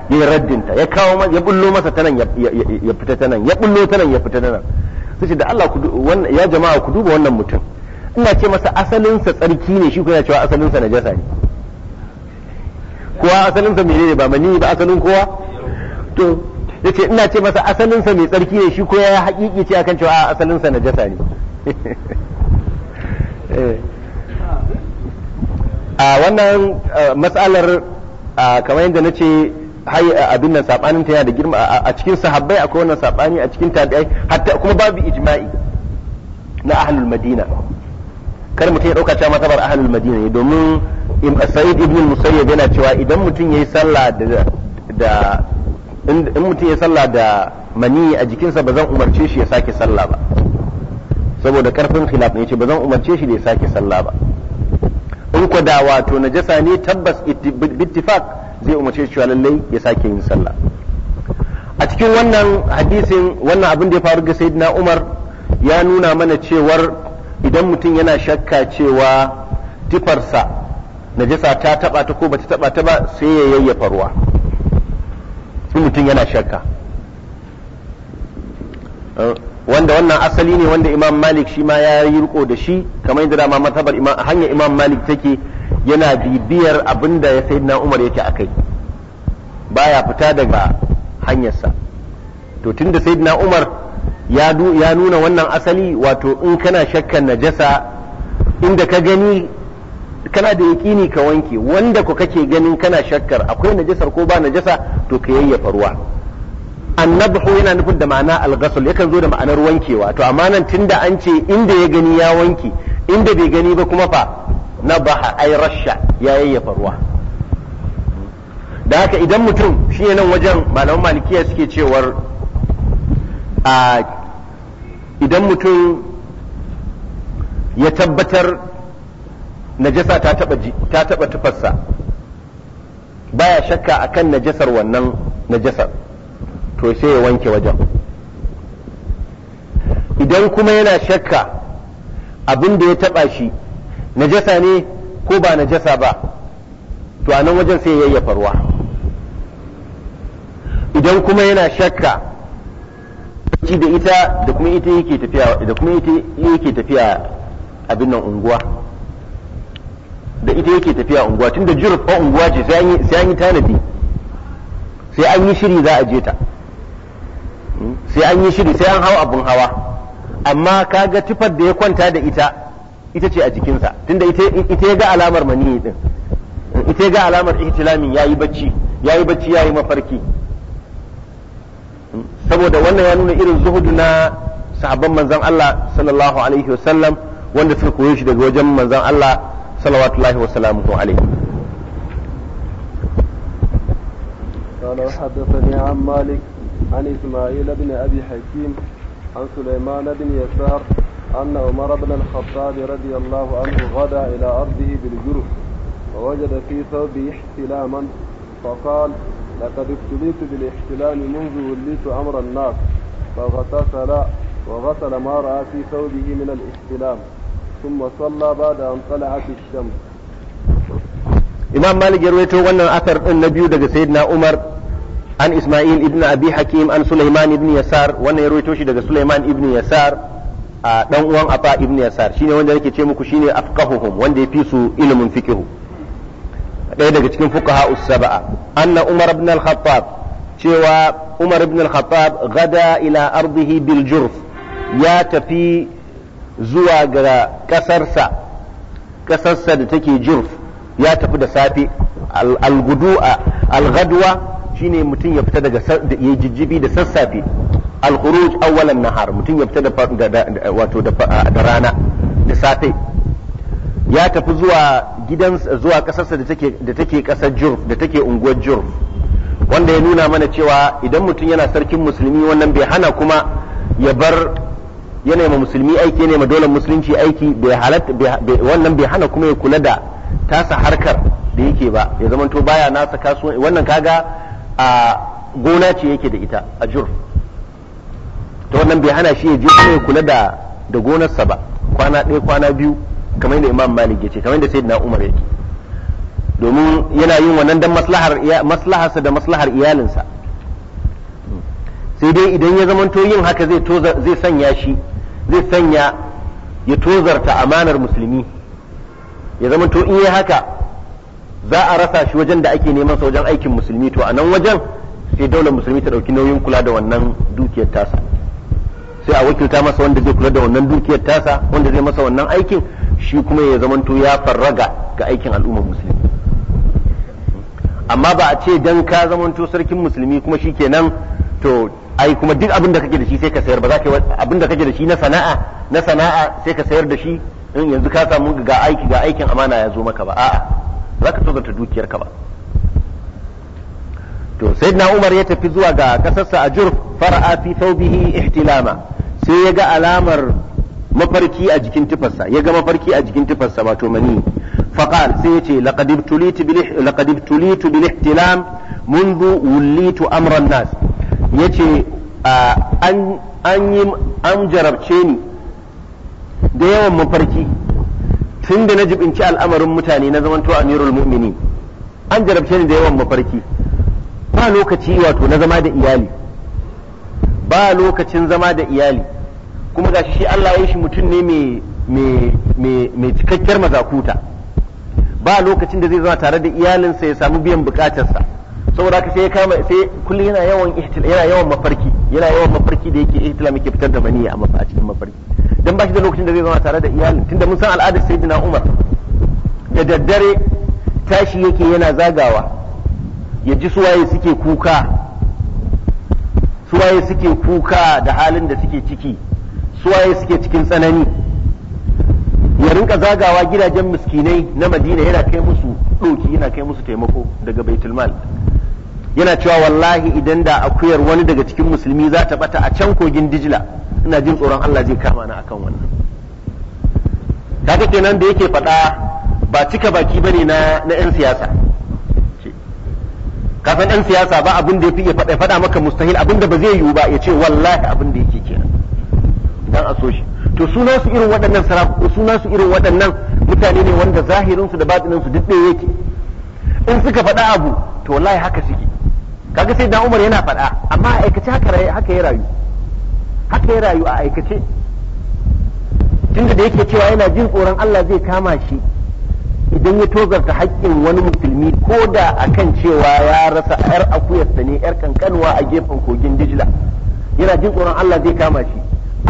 ya raddinta ya kawo ya bullo masa tanan ya fita tanan ya bullo tanan ya fita tanan su ce da Allah ku ya jama'a ku duba wannan mutum ina ce masa asalinsa tsarki ne shi kuna cewa asalinsa najasa ne kowa asalinsa menene ba mani ba asalin kowa to yace ina ce masa asalinsa mai tsarki ne shi ko ya haƙiƙi ce akan cewa asalinsa najasa ne eh. a wannan eh, mas'alar ah, kamar yadda na ce abin nan sabanin ta yana da girma a cikin sahabbai akwai wannan sabani a cikin tabi'ai hatta kuma babu ijma'i na ahlul madina kar mutum ya dauka cewa matabar ahlul madina ne domin sa'id ibn musayyib yana cewa idan mutum yayi sallah da da in mutum ya salla da mani a jikinsa ba zan umarce shi ya sake sallah ba saboda karfin khilaf ne ce ba zan umarce shi da ya sake sallah ba in ku da wato najasa ne tabbas ittifaq zai umarce cewa lallai ya sake yin sallah a cikin wannan hadisin wannan abin da ya faru ga sayyidina Umar ya nuna mana cewar idan mutum yana shakka cewa tifarsa najasa ta taba ta ko bata taba ta ba sai ya yayyafa ruwa in mutum yana shakka wanda wannan asali ne wanda imam malik shi ma ya yi riko da shi kamar yadda dama matabar hanyar imam malik take yana bibiyar abin da ya sai na umar yake a kai baya fita daga hanyarsa to tun da sai umar ya nuna wannan asali wato in kana shakkan najasa inda ka gani kana da yaƙini ka wanke wanda ku kake ganin kana shakkar akwai najasar ko ba najasa to ka yayyafa ruwa annabhu yana nufin da ma'ana al-gasar, al-ghasl yakan zo da ma'anar wankewa to amma nan tunda an ce inda ya gani ya wanke inda bai gani ba kuma fa nabaha ay rasha ya yayyafa ruwa da haka idan mutum shi ne nan wajen malaman malikiya suke cewar a idan mutum ya tabbatar najasa ta taba ta tufarsa baya shakka akan najasar wannan najasar to sai ya wanke wajen idan kuma yana shakka abin da ya taba shi najasa ne ko ba najasa ba to a nan wajen sai yayya faruwa idan kuma yana shakka ci da ita da kuma ita yake tafiya da kuma ita yake tafiya abin nan unguwa da ita yake tafiya unguwa tunda jurf a unguwa ce sai an yi tanadi sai an yi shiri za a je ta hmm? sai an yi shiri sai an hau abin hawa amma kaga tufar da ya kwanta da ita ita ce a jikinsa tunda ita ya ga alamar maniyi din ita ya ga alamar ihtilamin yayi bacci yayi bacci yayi mafarki saboda wannan ya nuna irin zuhudu na sahabban manzon Allah sallallahu alaihi wasallam wanda suka koyo shi daga wajen manzon Allah sallallahu wasalamuhu alaihi قال وحدثني عن مالك عن اسماعيل بن ابي حكيم عن سليمان بن يسار أن عمر بن الخطاب رضي الله عنه غدا إلى أرضه بالجرف ووجد في ثوبه احتلاما فقال لقد ابتليت بالاحتلام منذ وليت أمر الناس فغتسل وغسل ما رأى في ثوبه من الاحتلام ثم صلى بعد أن طلعت الشمس إمام مالك يرويته وانا أثر النبي دقى سيدنا عمر عن إسماعيل ابن أبي حكيم عن سليمان ابن يسار وانا يرويته شي سليمان ابن يسار a dan uwan afa ibn yasar shine wanda yake ce muku shine afqahuhum wanda ya fi su ilimin fiqh ɗaya daga cikin fuqaha usaba'a anna umar ibn al-khattab cewa umar ibn al-khattab gada ila ardihi bil jurf ya tafi zuwa ga kasarsa kasarsa da take jurf ya tafi da safi al-gudu'a al-ghadwa shine mutum ya fita daga ya jijjibi da sassafe al-khuruj awwalan nahar mutum ya fita da wato da rana da safe ya tafi zuwa gidan zuwa kasarsa da take da take kasar Jurf da take unguwar Jurf wanda ya nuna mana cewa idan mutum yana sarkin musulmi wannan bai hana kuma ya bar yana ma musulmi aiki ne ma dole musulunci aiki bai halatta wannan bai hana kuma ya kula da tasa harkar da yake ba ya to baya nasa kasuwanci wannan kaga a gona ce yake da ita a jur ta wannan bai hana shi ya je ya kula da da gonarsa ba kwana ɗaya kwana biyu kamar da imam malik ya ce kamar da sayyidina umar yake domin yana yin wannan dan maslaharsa da maslahar iyalinsa sai dai idan ya zamanto yin haka zai zai sanya shi zai sanya ya tozarta amanar musulmi ya zamanto in yi haka za a rasa shi wajen da ake neman sa wajen aikin musulmi to a nan wajen sai daular musulmi ta dauki nauyin kula da wannan dukiyar tasa sai a wakilta masa wanda zai kula da wannan dukiyar tasa wanda zai masa wannan aikin shi kuma ya zamanto ya farraga ga aikin al'ummar musulmi amma ba a ce dan ka zamanto sarkin musulmi kuma shi nan to ai kuma duk abin da kake da shi sai ka sayar ba za ka abin da kake da shi na sana'a na sana'a sai ka sayar da shi in yanzu ka samu ga aiki ga aikin amana ya zo maka ba a'a za ka tozarta dukiyarka ba to sai na umar ya tafi zuwa ga kasarsa a jurf fara'a fi taubihi ihtilama sai ya ga alamar mafarki a jikin tufarsa ya ga mafarki a jikin tufarsa wato mani faqal sai ya ce laqad ibtulitu bil ihtilam mundu wulitu amran nas yace an an yi an jarabce ni da yawan mafarki tun da na jibinci al'amarin mutane na zamanto nirul mu'mini an jarabce ni da yawan mafarki ba lokaci wato na zama da iyali ba lokacin zama da iyali kuma gashi shi Allah ya yi shi mutum ne mai cikakkiyar mazakuta ba lokacin da zai zama tare da iyalinsa ya samu biyan bukatarsa saboda haka sai ya kama sai kullum yana yawan yana yawan mafarki yana yawan mafarki da yake ihtilam muke fitar da mani a cikin mafarki dan ba shi da lokacin da zai zama tare da iyalin tunda mun san al'adar sayyidina Umar da daddare tashi yake yana zagawa ya ji suwaye suke kuka suwaye suke kuka da halin da suke ciki suwaye suke cikin tsanani ya rinka zagawa gidajen miskinai na madina yana kai musu ɗoki yana kai musu taimako daga baitulmal yana cewa wallahi idan da akuyar wani daga cikin musulmi za ta bata a can kogin dijila ina jin tsoron Allah zai kama na akan wannan kaga kenan da yake faɗa ba cika baki bane na na yan siyasa kafin yan siyasa ba abin da yafi ya faɗa faɗa maka mustahil abin da ba zai yiwu ba ya ce wallahi abin da yake kenan dan a so shi to suna su irin waɗannan suna su irin waɗannan mutane ne wanda zahirinsu da batininsu duk ɗaya yake in suka faɗa abu to wallahi haka suke kaga sai dan Umar yana faɗa amma a aikace haka haka ya rayu haka ya rayu a aikace tunda da yake cewa yana jin tsoron Allah zai kama shi idan ya tozarta haƙƙin wani musulmi ko da akan cewa ya rasa yar akuyarsa ne yar kankanwa a gefen kogin Dijla yana jin tsoron Allah zai kama shi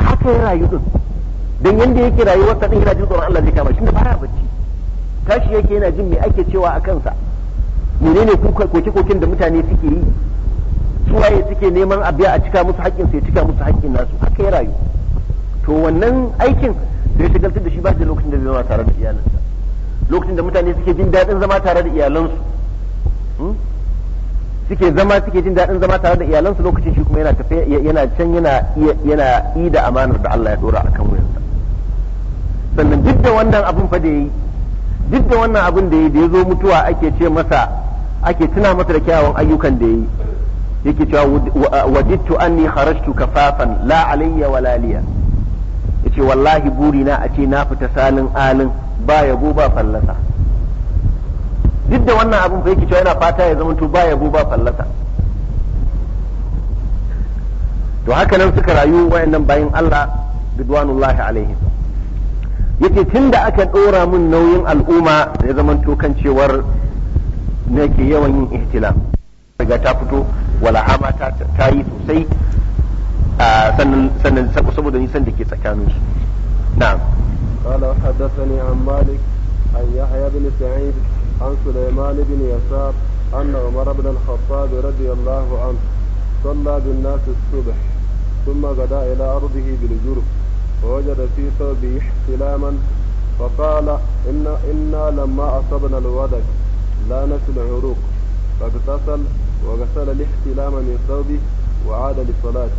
haka ya rayu din dan yanda yake rayuwarsa din yana jin tsoron Allah zai kama shi da baya bacci tashi yake yana jin me ake cewa a kansa menene koke-koken da mutane suke yi suwaye suke neman a a cika musu haƙƙin sai cika musu haƙƙin nasu haka ya rayu to wannan aikin da ya shagaltar da shi ba da lokacin da zai zama tare da iyalansa lokacin da mutane suke jin daɗin zama tare da iyalansu hmm? suke zama suke jin daɗin zama tare da iyalansu lokacin shi kuma yana tafe yana can yana yana ida amanar da Allah ya dora akan wuyansa sannan duk da wannan abin fa da yayi duk da wannan abin da ya da ya zo mutuwa ake ce masa ake tuna masa da kyawun ayyukan da ya yi yake cewa wadittu anni kharajtu kafafan la alayya wala liya yace wallahi burina a ce na fita salin alin ba yabo ba fallasa duk da wannan abin fa yake cewa yana fata ya zama to ba yabo ba fallasa to haka nan suka rayu wayannan bayin Allah bidwanullahi alaihim yake tun da aka ɗora mun nauyin al'umma da ya zaman tokan cewar na ke yawan yin ihtilam daga ta fito wala hama ta yi sosai ah, sannan saboda nisan da ke tsakanin su na'am قال صلى بالناس الصبح ثم غدا بالجرف فوجد في ثوبه احتلاما فقال إن إنا لما أصبنا الودك لا نسل عروق فاغتسل وغسل الاحتلام من ثوبه وعاد لصلاته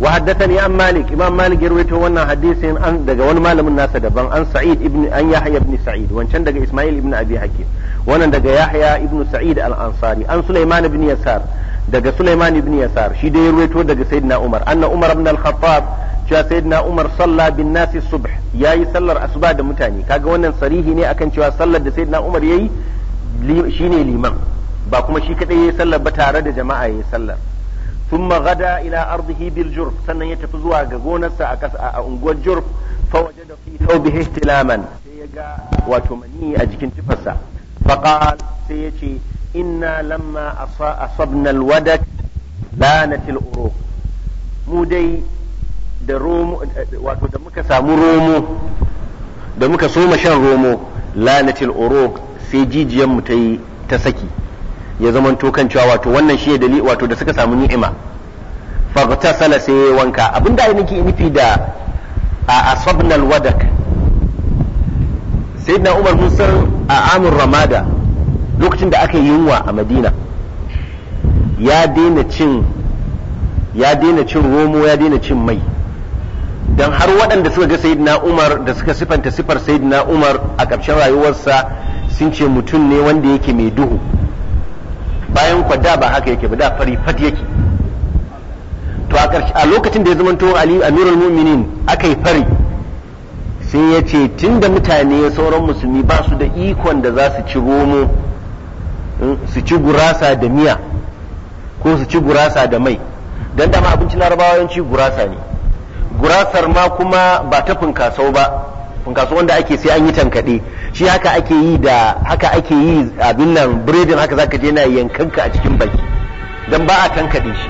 وحدثني عن مالك امام مالك يرويته وانا حديث ان daga wani malamin nasa daban an sa'id ibn an yahya ibn sa'id wancan daga isma'il ibn abi hakim wannan daga yahya ibn sa'id al-ansari an sulaiman ibn yasar daga Sulaiman ibn Yasar shi dai ya ruwaito daga Sayyidina Umar anna Umar ibn al-Khattab cewa Sayyidina Umar salla bin nasi subh yayi sallar asuba da mutane kaga wannan sarihi ne akan cewa sallar da Sayyidina Umar yayi shine liman ba kuma shi kadai yayi sallar ba tare da jama'a yayi sallar ثم ila ardihi bil jurf sannan ya tafi zuwa ga gonarsa a kasa a unguwar jurf fa wajada fi thawbihi ihtilaman sai ya ga wato mani a jikin tufarsa fa sai ya ce inna lamma asabna alwadak lanatil uruq mu dai da romo wato da muka soma shan romo lanatil uruq sai jijiyan mu ta yi ta saki ya zaman to kan cewa wato wannan shi dalili wato da suka samu ni'ima faghtasala sai wanka abinda ai nake nufi da asabna alwadak sayyidina umar Musa san a amur ramada lokacin da aka yi yunwa a madina ya daina cin ya daina cin romo ya daina cin mai don har waɗanda suka ga sayyidina umar da suka sifanta sifar sayyidina umar a ƙarshen rayuwarsa sun ce mutum ne wanda yake mai duhu bayan kwada ba haka yake ba da fari fat yake to a lokacin da ya zama ali amirul mu'minin aka yi fari sai ya ce tunda mutane sauran musulmi ba su da ikon da za su ci romo su ci gurasa da miya ko su ci gurasa da mai don dama abincin larabawa ci gurasa ne gurasar ma kuma ba ta funkasau ba Funkasau wanda ake sai an yi tankaɗe shi haka ake yi da haka ake yi abin nan biredin haka zaka je na yankanka a cikin baki don ba a tankaɗe shi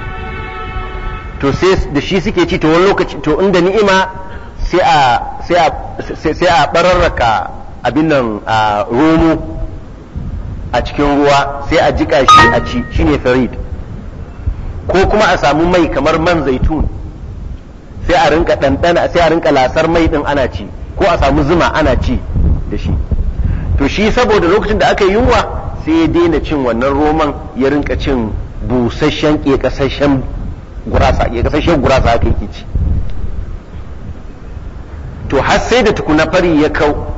to sai da shi suke ci to wani lokaci to inda ni'ima sai a ɓararraka a bararraka abin nan romo a cikin ruwa sai a jika shi a ci shine farid ko kuma a samu mai kamar man zaitun sai a rinka ɗanɗana sai a rinka lasar mai ɗin ana ci ko a samu zuma ana ci da shi to shi saboda lokacin da aka yi yunwa sai ya daina cin wannan roman ya rinka cin busasshen ƙeƙasashen gurasa aka yi ci to har sai da tukuna fari ya kau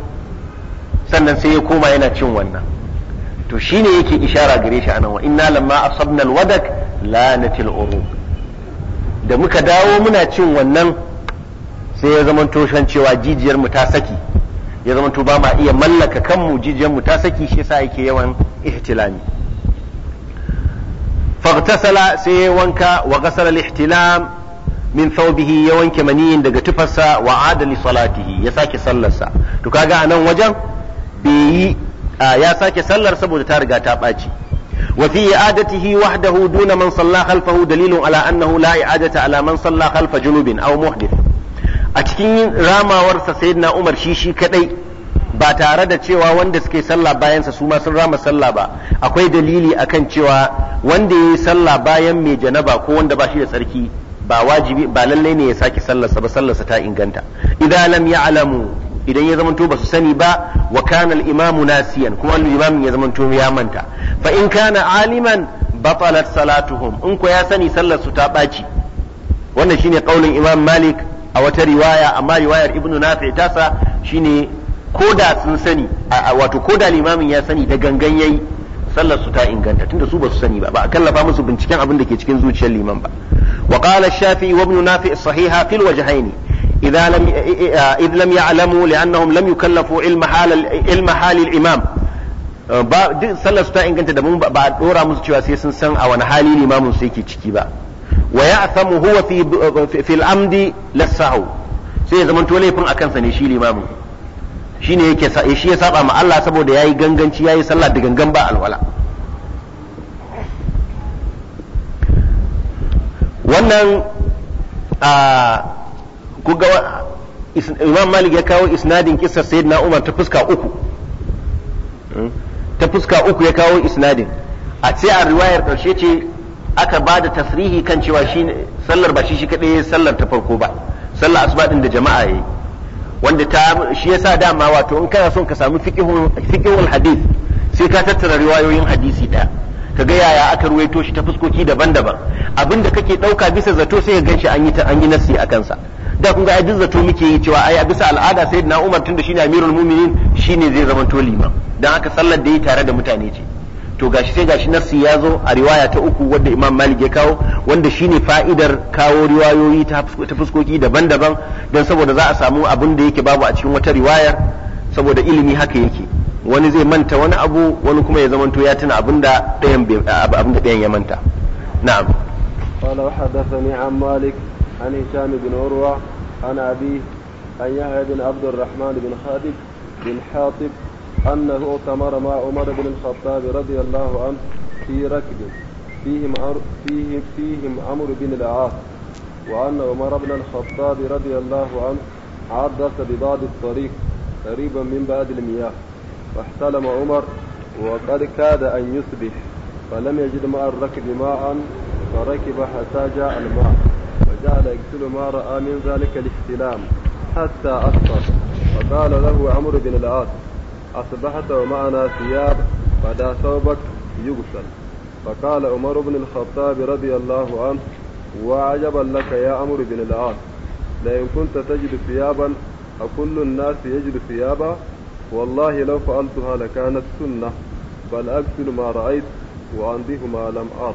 sannan sai ya koma yana cin wannan to shine yake ishara gare shi anan wa inna lamma asabna alwadak lanatil urub da muka dawo muna cin wannan sai ya zama toshan cewa jijiyar mu ta saki ya zama to ba ma iya mallaka kanmu jijiyar mu ta saki shi yasa yake yawan ihtilami faghtasala sai ya wanka wa ghasala al-ihtilam min thawbihi ya wanke maniyin daga tufarsa wa adali salatihi ya sake sallarsa to kaga anan wajen bai yi ya sake sallar saboda ta riga ta ɓaci wa fi i'adatihi wahdahu duna man salla khalfahu dalilun ala annahu la i'adata ala man salla khalfa junubin aw muhdith a cikin ramawarsa sayyidina Umar shi shi kadai ba tare da cewa wanda suke sallah sa su ma sun rama sallah ba akwai dalili akan cewa wanda yayi yi sallah bayan mai janaba ko wanda ba shi da tsarki ba wajibi ba lallai ne ya sake sallarsa ba sallarsa ta inganta idan lam ya'lamu idan ya zamanto ba su sani ba wa kana al-imamu nasiyan kuma al imamin ya zamanto ya manta fa in kana aliman batalat salatuhum in ko ya sani sallar su ta baci wannan shine kaulin imam malik a wata riwaya amma riwayar ibnu nafi tasa shine koda sun sani wato koda limamin ya sani da gangan yayi sallar su ta inganta tunda su ba su sani ba ba a kallafa musu binciken abin da ke cikin zuciyar liman ba wa qala shafi'i wa ibn nafi sahiha fil wajhaini إذا لم إذ لم يعلموا لأنهم لم يكلفوا علم حال علم حال الإمام ba duk sallar su ta inganta da mun ba a dora musu cewa sai sun san a wani hali limamin su yake ciki ba wa ya'thamu huwa fi fil amdi lasahu sai ya zama laifin a kansa ne shi limamin shi ne sa, shi ya saba ma Allah saboda yayi ganganci yayi sallah da gangan ba alwala wannan a ku ga imam malik ya kawo isnadin kisar sayyidina umar ta fuska uku hmm? ta fuska uku ya kawo isnadin a ce a riwayar karshe ce aka ba da tasrihi kan cewa shi sallar ba shi shi kaɗai sallar ta farko ba sallar asuba da jama'a ya yi wanda ta shi sa dama wato in kana son ka samu fiqhul hadith sai ka tattara riwayoyin hadisi daya ka ga yaya aka ruwaito shi ta fuskoki daban-daban abinda kake ɗauka bisa zato sai ka gan shi yi an yi nasi a kansa da kun ga ai zato muke yi cewa ai a bisa al'ada sai na Umar tunda shine amirul mu'minin shine zai zama to liman dan haka sallar da yi tare da mutane ce to gashi sai gashi nassi ya zo a riwaya ta uku wadda Imam Malik ya kawo wanda shine fa'idar kawo riwayoyi ta fuskoki daban-daban dan saboda za a samu abin da yake babu a cikin wata riwayar saboda ilimi haka yake wani zai manta wani abu wani kuma ya zamanto ya tuna abin da ɗayan ya manta na'am قال وحدثني عن مالك عن هشام بن عروة عن أبيه عن يحيى بن عبد الرحمن بن خالد بن حاطب أنه اؤتمر مع عمر بن الخطاب رضي الله عنه في ركب فيهم فيهم فيهم عمرو بن العاص وأن عمر بن الخطاب رضي الله عنه عرس ببعض الطريق قريبا من بعد المياه فاحتلم عمر وقد كاد أن يصبح فلم يجد مع الركب ماء فركب حتى جاء الماء فجعل يقتل ما رأى من ذلك الاحتلام حتى اصبح فقال له عمرو بن العاص أصبحت ومعنا ثياب فدا ثوبك يغسل فقال عمر بن الخطاب رضي الله عنه وعجبا لك يا عمرو بن العاص لئن كنت تجد ثيابا أكل الناس يجد ثيابا والله لو فعلتها لكانت سنة بل أغسل ما رأيت وأنضه ما لم أر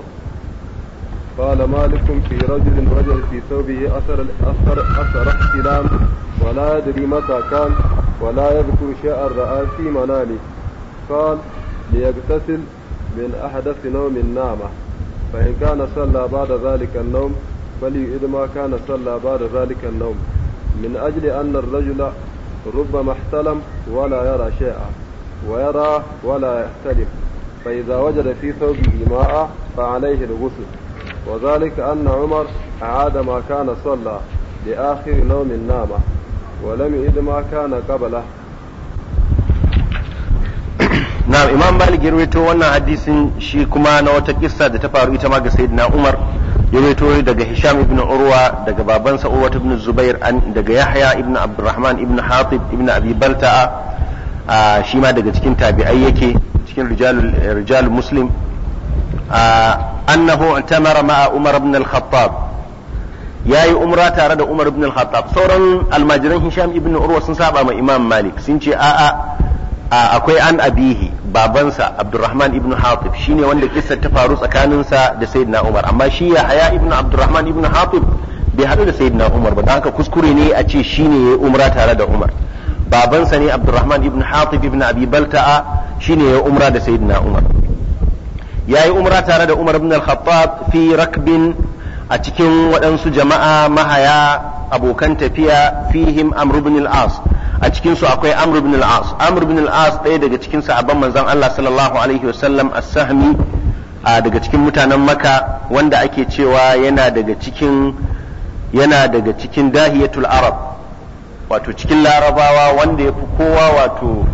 قال مالك في رجل وجد في ثوبه أثر أثر أثر احتلام ولا يدري متى كان ولا يذكر شيئا رآه في منامه قال ليغتسل من أحدث نوم نامة فإن كان صلى بعد ذلك النوم فليؤذ ما كان صلى بعد ذلك النوم من أجل أن الرجل ربما احتلم ولا يرى شيئا ويرى ولا يحتلم فإذا وجد في ثوبه ماء فعليه الغسل وذلك أن عمر عاد ما كان صلى لآخر نوم نامه ولم يعد ما كان قبله na'am imam malik ya rawaito wannan hadisin shi kuma na wata kissa da ta faru ita ma ga sayyidina umar ya daga hisham ibn urwa daga babansa urwa ibn zubair an daga yahya ibn abdurrahman ibn hatib ibn abi balta'a shi ma daga cikin tabi'ai yake cikin rijalul muslim annahu i'tamara ma'a Umar ibn yayi umra tare da Umar ibn al-Khattab sauran almajiran Hisham ibn Urwa sun saba ma Imam Malik sun ce a'a akwai an'abihi babansa Abdurrahman ibn Hatib shine wanda kissar ta faru tsakaninsa da Sayyidina Umar amma shi Yahya ibn Abdurrahman ibn Hatib bai haɗu da Sayyidina Umar ba dan haka kuskure ne a ce shine ya umra tare da Umar babansa ne Abdurrahman ibn Hatib ibn Abi Balta'a shine ya umra da Sayyidina Umar yayi umra tare da Umar ibn al-Khattab fi rakbin a cikin waɗansu jama'a mahaya abokan tafiya fihim Amr ibn al-As a cikin su akwai Amr ibn al-As Amr ibn al-As ɗaya daga cikin sahabban manzon Allah sallallahu alaihi wasallam as-Sahmi daga cikin mutanen Makka wanda ake cewa yana daga cikin yana daga cikin dahiyatul Arab wato cikin larabawa wanda ya fi kowa wato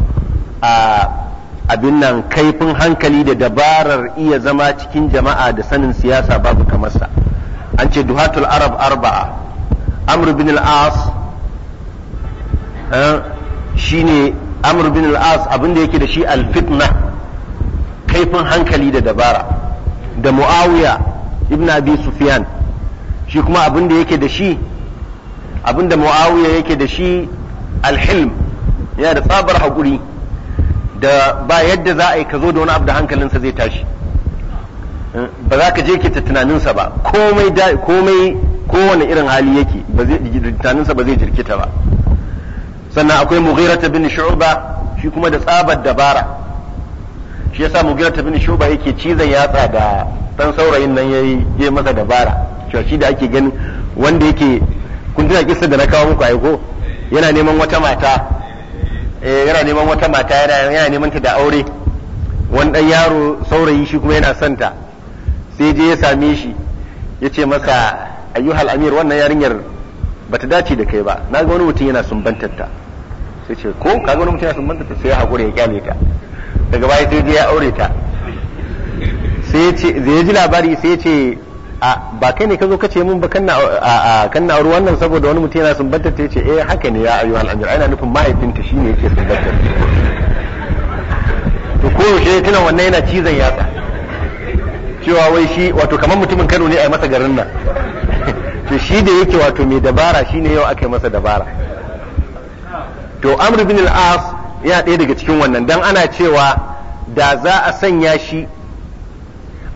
a abin nan kaifin hankali da dabarar iya zama cikin jama'a da sanin siyasa babu kamarsa an ce duhatul arab arba'a amr bin al-as eh, shine amr bin al-as abin da yake da shi al-fitna kaifin hankali da dabara da muawiya ibn abi sufyan shi kuma abin da yake da shi abin muawiya yake da shi al-hilm yana da tsabar hakuri. da ba yadda za a yi ka zo da wani abu da hankalinsa zai tashi ba za ka je ke ta tunaninsa ba komai kowane irin hali yake ba zai tunaninsa ba zai jirkita ba sannan akwai ta bin shu'ba shi kuma da tsabar dabara shi yasa ta bin shu'ba yake cizon yatsa da ɗan saurayin nan yayi yi masa dabara shi da ake gani wanda yake kun tuna kissa da na kawo muku aiko yana neman wata mata Eh, yana neman wata mata yana neman ta da aure wani yaro saurayi shi kuma yana son ta sai je ya same shi ya ce masa ayyuhal amir wannan yarinyar ba ta dace da kai ba na ga wani mutum yana sumbantar ta sai ce ko ka ga wani mutum yana sumbantar ta sai ya hakura ya kyale ta daga baya sai je ya aure ta sai ya ce zai ji labari sai ya ce a ba kai ne ka zo ka ce mun ba kan na auri wannan saboda wani mutum yana sumbantar ta ce eh haka ne ya ayyuhal amir ana nufin mahaifinta shine yake sumbantar to ko yaushe tuna wannan yana cizon yatsa cewa wai shi wato kamar mutumin Kano ne a masa garin nan to shi da yake wato mai dabara shine yau aka yi masa dabara to Amr bin al-As ya ɗaya daga cikin wannan dan ana cewa da za a sanya shi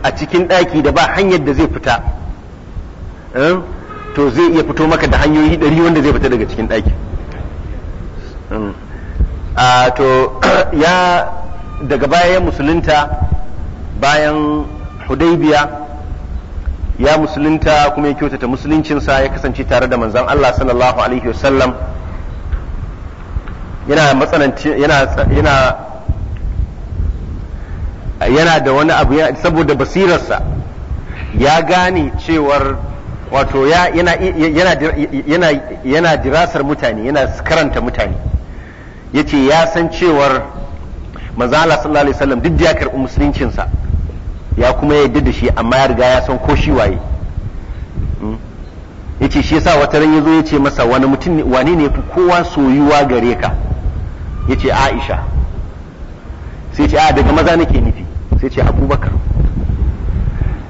a cikin ɗaki da ba hanyar da zai fita eh, to zai iya fito maka da hanyoyi ɗari wanda zai fita daga cikin ɗaki mm. a to ya daga bayan musulunta bayan hudaibiya ya musulunta kuma ya kyautata musuluncinsa ya kasance tare da manzan Allah sallallahu alaihi wasallam yana yana yana da wani abu saboda basirarsa ya gane cewar wato yana dirasar mutane yana karanta mutane ya ce ya san cewar manzo sallallahu alaihi wasallam duk da ya karɓi musuluncinsa ya kuma yadda da shi amma ya riga ya san ko shi waye hmm? ya ce shi yasa wata ran ya zo ya ce masa wani mutum wani ne fi kowa soyuwa gare ka ya ce aisha sai ce a daga maza nake nufi sai ce abubakar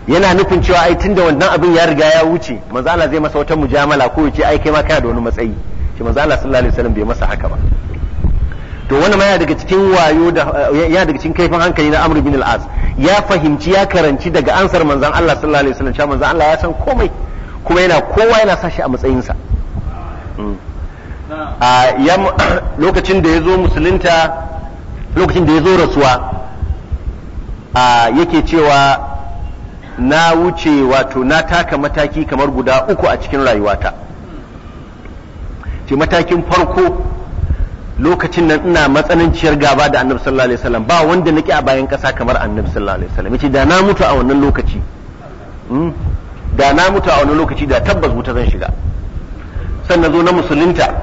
yana nufin cewa ai tunda wannan abin ya riga ya wuce manzo Allah zai masa wata mujamala ko yace ai kai ma kana da wani matsayi ce manzo Allah sallallahu alaihi wasallam bai masa haka ba to wannan ma yana daga cikin wayo da ya daga cikin kaifin hankali na Amr bin al-As ya fahimci ya karanci daga ansar manzon Allah sallallahu alaihi wasallam cewa manzon Allah ya san komai kuma yana kowa yana sashi a matsayinsa hmm. a lokacin da ya zo musulunta lokacin da ya zo rasuwa yake cewa na wuce wato na taka mataki kamar guda uku a cikin rayuwata ce matakin farko lokacin nan ina matsananciyar gaba da annabi sallallahu alaihi wasallam ba wanda nake a bayan ƙasa kamar annabi sallallahu alaihi wasallam yace da na mutu a wannan lokaci hmm, da na mutu a wannan lokaci da tabbas wuta zan shiga sannan zo na musulunta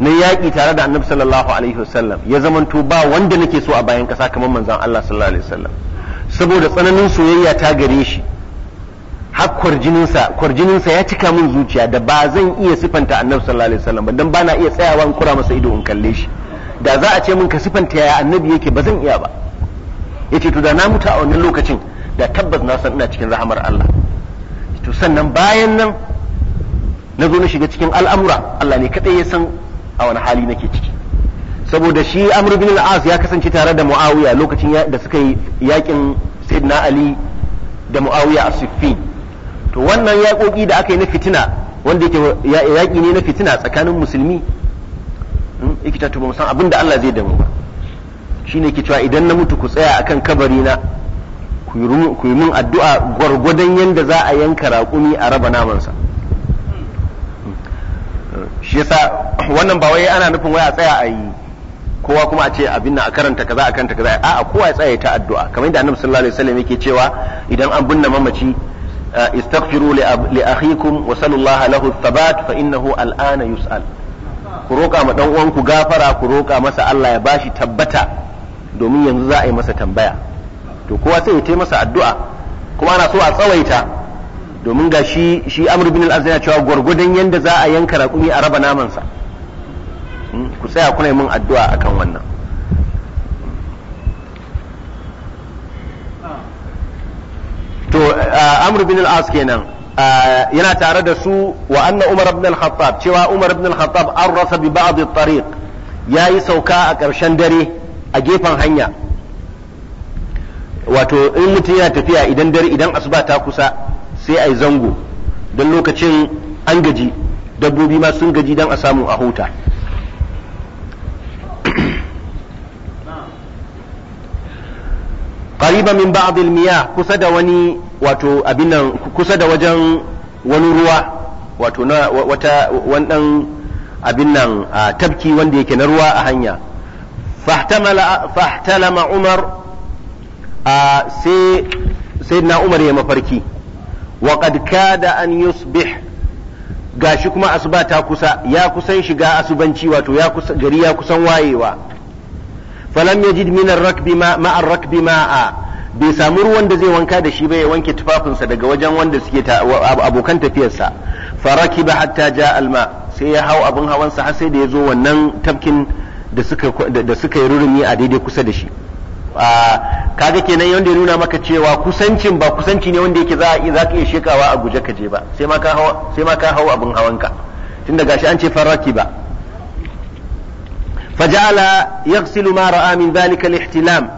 na yaƙi tare da annabi sallallahu alaihi wasallam ya zamanto ba wanda nake so a bayan ƙasa kamar manzon Allah sallallahu alaihi wasallam saboda tsananin soyayya ta gare shi har kwarjininsa kwarjininsa ya cika min zuciya da ba zan iya sifanta annabi sallallahu alaihi wasallam ba dan ba na iya tsayawa in kura masa ido in kalle shi da za a ce min ka sifanta ya annabi yake ba zan iya ba yace to da na mutu a wannan lokacin da tabbas na san ina cikin rahamar Allah to sannan bayan nan na zo na shiga cikin al'amura Allah ne kadai ya san a wani hali nake ciki saboda shi amr bin al-as ya kasance tare da muawiya lokacin da suka yi yakin sayyidina ali da muawiya a siffin to wannan yaƙoƙi da aka yi na fitina wanda yake yaƙi ne na fitina tsakanin musulmi ikita hmm, to ba san abin da Allah zai damu ba shine ke cewa idan na mutu ku tsaya akan kabari na ku yi min addu'a gwargwadon yadda za a yanka raƙumi a raba namansa shi yasa wannan ba wai ana nufin waya a tsaya a yi kowa kuma a ce abin na a karanta kaza a karanta kaza a'a kowa ya tsaya ta addu'a kamar yadda annabi sallallahu alaihi wasallam yake cewa idan an binne mamaci eh, istaghfiru li akhikum wa sallallahu lahu thabat fa innahu al'ana yus'al ku roƙa ma dan uwanku gafara ku roƙa masa Allah ya bashi tabbata domin yanzu za a yi masa tambaya to kowa sai ya masa addu'a kuma ana so a tsawaita domin ga shi shi amr bin al-az yana cewa gwargwadon yanda za a yanka raƙumi a raba namansa hmm, ku tsaya kuna mun addu'a akan wannan to amr bin al kenan yana tare da su wa anna umar ibn al-khattab cewa umar ibn al-khattab arrasa bi ba'd at-tariq yayi sauka a ƙarshen dare a gefen hanya wato in mutum yana tafiya idan dare idan asuba ta kusa sai a yi zango don lokacin an gaji dabbobi ma sun gaji don a samu a huta qariba min ba'd al-miyah kusa da wani wato abinan kusa da wajen wani ruwa wato na wata wannan abin nan tabki wanda yake na ruwa a hanya fahtalama umar sai na umar ya mafarki wa qad kada an yusbih gashi kuma asuba ta kusa ya kusan shiga asubanci wato ya kusa gari ya kusan wayewa falam yajid min ar-rakbi ma ma'a rakbi bai samu ruwan da zai wanka da shi ba ya wanke tufafinsa daga wajen wanda suke abokan tafiyarsa farakiba hatta ja alma sai ya hau abin hawansa har sai da ya zo wannan tafkin da suka yi rurumi a daidai kusa da shi kaga kenan yanda ya nuna maka cewa kusancin ba kusanci ne wanda yake za a ka iya shekawa a guje ka je ba sai ma ka hau abin hawan ka tun abin tunda gashi an ce faraki ba faja'ala yaghsilu ma ra'a min dhalika al-ihtilam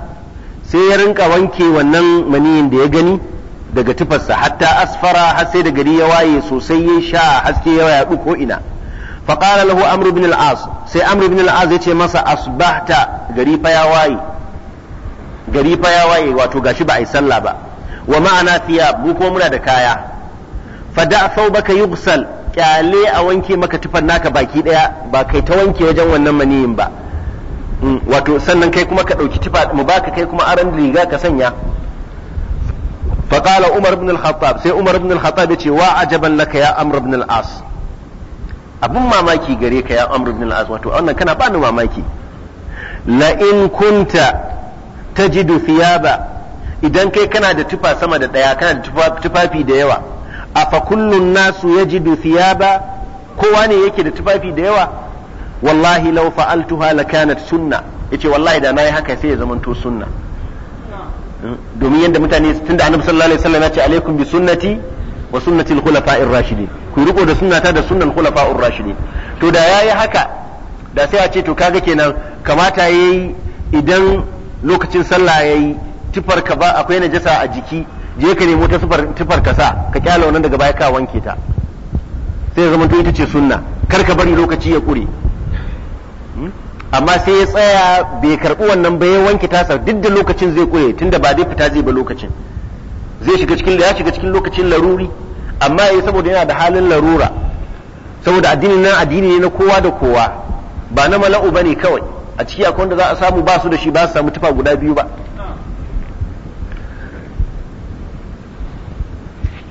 sai ya rinka wanke wannan maniyin da ya gani daga tufarsa hatta asfara har sai da gari ya waye sosai ya sha haske ya yadu ko ina فقال له عمرو sai amru سي عمرو بن العاص masa asbahta gari fa ya waye. gari fa ya waye wato gashi ba a yi sallah ba wa ma'ana fiya mu ko muna da kaya fa da fa baka yughsal kyale a wanke maka tufan naka baki daya ba kai ta wanke wajen wannan maniyin ba mm, wato sannan kai kuma ka dauki tufa mu baka kai kuma aran riga ka sanya Umar Al-Habab sai Umar بن al سي عمر بن wa ajaban laka ya amr ibn Al-As abun mamaki gare ka ya amr ibn al-as wato wannan kana ba ni mamaki la in kunta tajidu fiyaba idan kai kana da tufa sama da ɗaya kana da tufafi da yawa a fa kullun nasu yajidu fiyaba kowa ne yake da tufafi da yawa wallahi law fa'altuha lakanat sunna yace wallahi da nayi haka sai ya zamanto sunna domin yadda mutane tunda annabi sallallahu alaihi wasallam ya ce alaikum bi sunnati wa sunnati al-khulafa'ir rashidin ku riko da sunnata da sunnan khulafa'ur rashidin to da yayi haka da sai a ce to kaga kenan kamata yayi idan lokacin sallah yayi tufar ka ba akwai najasa a jiki je ka nemo ta tufar ka sa ka kyala wannan daga baya ka wanke ta sai zama to ita ce sunna kar ka bari lokaci ya kure hmm? amma sai ya tsaya bai karbi wannan ba ya wanke tasar duk da lokacin zai kure tunda ba zai fita zai ba lokacin zai shiga cikin ya shiga cikin lokacin laruri amma yayi eh, saboda yana da halin larura saboda addinin nan addini ne na kowa da kowa ba na mala'u bane kawai a ciki akwai wanda za a samu ba su da shi ba su samu tufa guda biyu ba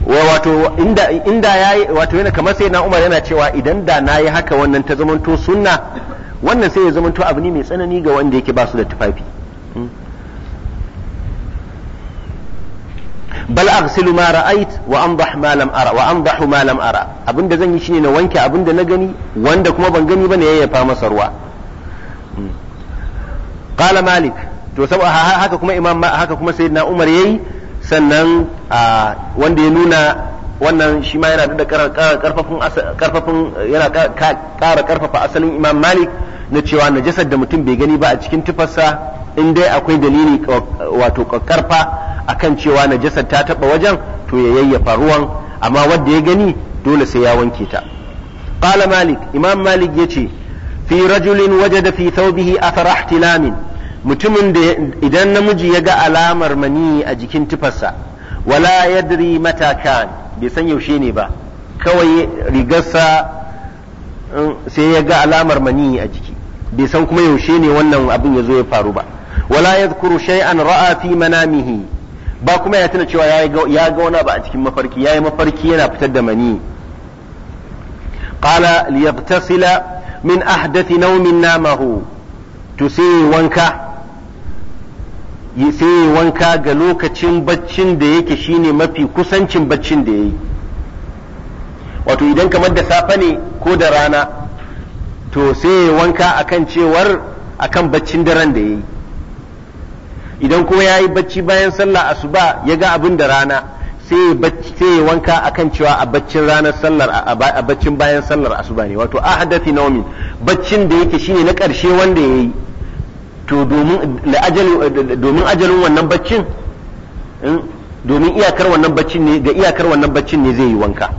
wato inda inda yayi wato yana kamar sai na Umar yana cewa idan da nayi haka wannan ta zamanto sunna wannan sai ya to abu ne mai tsanani ga wanda yake ba su da tufafi hmm. bal aghsilu ma ra'ait wa amdah ma lam ara wa amdahu ma lam ara abinda zan yi shine na wanke abinda na gani wanda kuma ban gani bane yayyafa masa ruwa qala malik to sabu haka kuma imam haka kuma sayyidina umar yayi sannan wanda ya nuna wannan shi ma yana da karfafin karfafin yana kara karfafa asalin imam malik na cewa najasar da mutum bai gani ba a cikin tufarsa in dai akwai dalili wato karfa akan cewa najasar ta taba wajen to ya yayyafa ruwan amma wanda ya gani dole sai ya wanke ta qala malik imam malik yace fi rajulin wajada fi thawbihi athara ihtilamin mutumin da idan namiji ya ga alamar mani a jikin tufarsa wala yadri matakan bai san yaushe ne ba kawai rigarsa sai ya ga alamar mani a jiki bai san kuma yaushe ne wannan abin ya zo ya faru ba wala yadhkuru shay'an ra'a fi manamihi ba kuma ya tuna cewa ya ga wani ba a cikin mafarki yayi mafarki yana fitar da mani qala liyaghtasila min ahdathi nawmin namahu to sai wanka sai ya wanka ga lokacin baccin da yake shine mafi kusancin baccin da ya yi wato idan kamar da safe ne ko da rana to sai ya wanka akan cewar akan baccin daren da ya yi idan kuma ya yi bacci bayan sallah asuba ya ga abin da rana sai ya wanka akan cewa a baccin ranar sallar a baccin bayan sallar asuba ne wato na naumin baccin da yake shine na ƙarshe wanda ya yi to domin ajalin wannan baccin domin iyakar wannan baccin ne ga iyakar wannan baccin ne zai yi wanka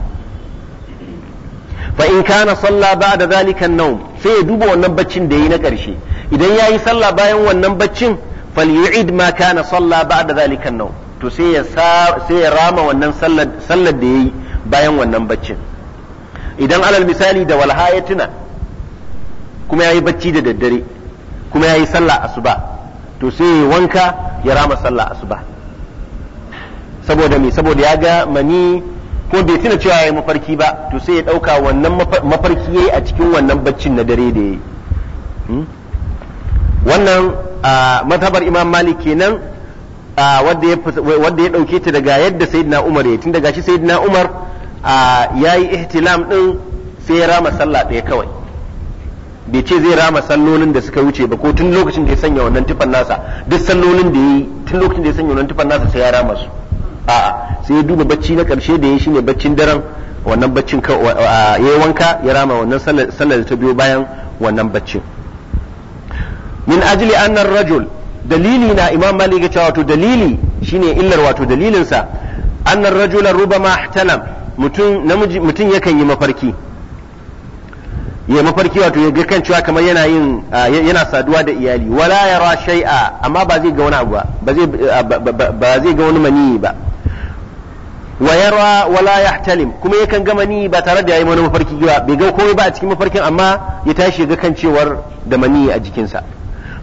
fa in kana salla ba'da zalika an-nawm sai ya duba wannan baccin da yayi na ƙarshe idan yayi sallah bayan wannan baccin yu'id ma kana salla ba'da zalika an-nawm to sai ya sai ya rama wannan sallar sallar da yayi bayan wannan baccin idan alal misali da walha ya tuna kuma yayi bacci da daddare kuma ya yi sallah asuba to sai ya wanka ya rama sallah asuba saboda me saboda ya ga mani ko bai tuna cewa ya yi mafarki ba to sai ya ɗauka wannan mafarki ya yi a cikin wannan baccin na dare da ya yi hmm? wannan matabar imam malik kenan wadda ya ɗauke ta daga yadda sayyidina umar ya tun daga shi sayyidina umar ya yi ihtilam ɗin sai ya rama sallah ɗaya kawai bai ce zai rama sallolin da suka wuce ba ko tun lokacin da ya sanya wannan tufan nasa duk sallolin da yi tun lokacin da ya sanya wannan tufan nasa sai ya rama su a'a sai ya duba bacci na karshe da ya shine baccin daren wannan baccin ya yi wanka ya rama wannan sallar da ta biyo bayan wannan baccin min ajli annar rajul dalili na imam malik ga cewa wato dalili shine illar wato dalilinsa annar rajula rubama ihtalam mutum namiji mutum yakan yi mafarki ya mafarki wato ya ga cewa kamar yana yin yana saduwa da iyali wala ya ra shay'a amma ba zai ga wani abu ba zai ba zai ga wani mani ba wa yara wala yahtalim kuma yakan ga mani ba tare da yayi wani mafarki ba bai ga komai ba a cikin mafarkin amma ya tashi ya ga kan cewar da mani a jikinsa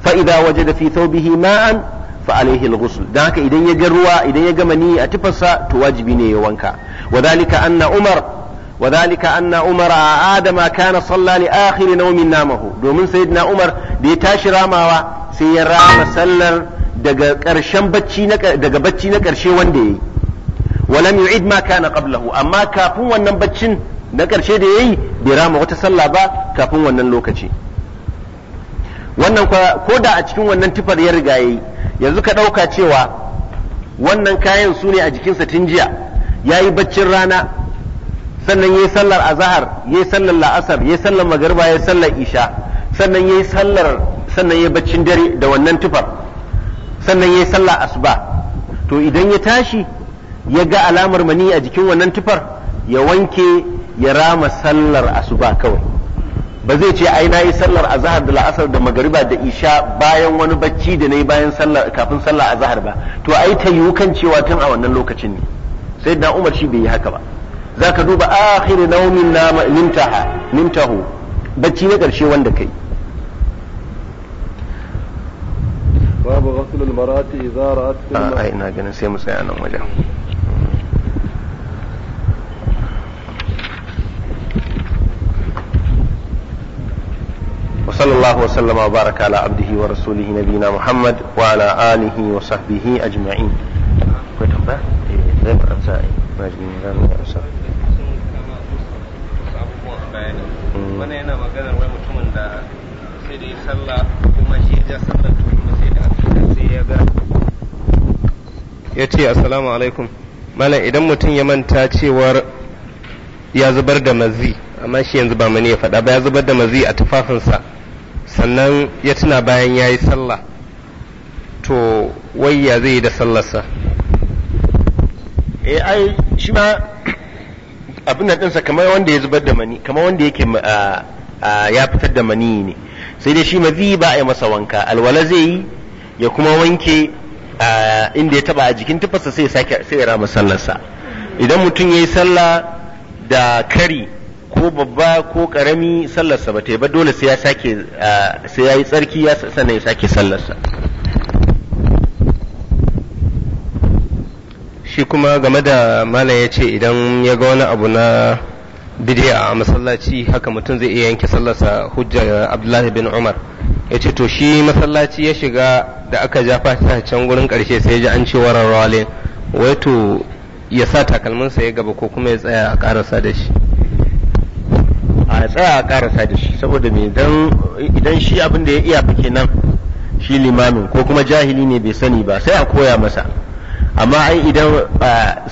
fa idza wajada fi thawbihi ma'an fa alayhi al-ghusl dan haka idan ya ga ruwa idan ya ga mani a tufarsa to wajibi ne ya wanka wadhalika anna umar وذلك أن عمر آدم كان صلى لآخر نوم نامه دومن سيدنا عمر دي تاشي راماوا سي راما سلر daga قرشن بچي نك daga بچي نك قرشي وندي ولم يعيد ما كان قبله qablahu amma kafin wannan baccin na ƙarshe da yayi bai rama wata sallah ba kafin wannan lokaci wannan ko da a cikin wannan tifar ya riga yayi yanzu ka dauka cewa wannan kayan su ne a jikinsa tun jiya yayi baccin rana sannan yayi sallar azhar yayi sallar la'asar yayi sallar magriba yayi sallar isha sannan yayi sallar sannan yayi baccin dare da wannan tufar sannan yayi sallar asuba to idan ya tashi ya ga alamar mani a jikin wannan tufar ya wanke ya rama sallar asuba kawai ba zai ce ai nayi sallar azhar da la'asar da magariba da isha bayan wani bacci da nayi bayan sallar kafin sallar azhar ba to ai ta yiwu cewa tun a wannan lokacin ne sai da Umar shi bai yi haka ba za zaka duba akhir naumin nama nimtaha nimtahu bacci na ƙarshe wanda kai babu ghusl al-mar'ati idza ra'at a ina ganin sai mu tsaya nan wajen وصلى الله وسلم وبارك على عبده ورسوله نبينا محمد وعلى اله وصحبه اجمعين. في ما أجمعين. wani yana maganar wai mutumin da sai da yi sallah kuma shi ya sallar kuma sai da aka sai ya ga ya ce assalamu alaikum malam idan mutum ya manta cewar ya zubar da mazi amma shi yanzu ba mani ya faɗa ba ya zubar da mazi a tufafinsa sannan ya tuna bayan ya yi sallah to wai ya zai yi da sallarsa eh ai shi ba. abin nan ɗinsa kamar wanda ya zubar da mani kamar wanda yake ah, ah, ya fitar da mani ne sai dai shi mazi ba a yi masa wanka alwala zai yi ya kuma wanke ah, inda ya taba a jikin tufarsa sai ya sake sai ya rama sallarsa idan mutum ya yi sallah da kari ko babba ko karami sallarsa ba ta yi ba dole sai ya sake sai ya yi tsarki ya sannan ya sake sallarsa shi kuma game da malam ya ce idan ya ga wani abu na bidiya a masallaci haka mutum zai iya yanke sallarsa hujja abdullahi bin umar ya ce to shi masallaci ya shiga da aka ja fata can gurin karshe sai ji an ce warar rawalin wai to ya sa takalminsa ya gaba ko kuma ya tsaya a karasa da shi a tsaya a karasa da shi saboda me idan shi abin da ya iya fake nan shi limamin ko kuma jahili ne bai sani ba sai a koya masa amma ai idan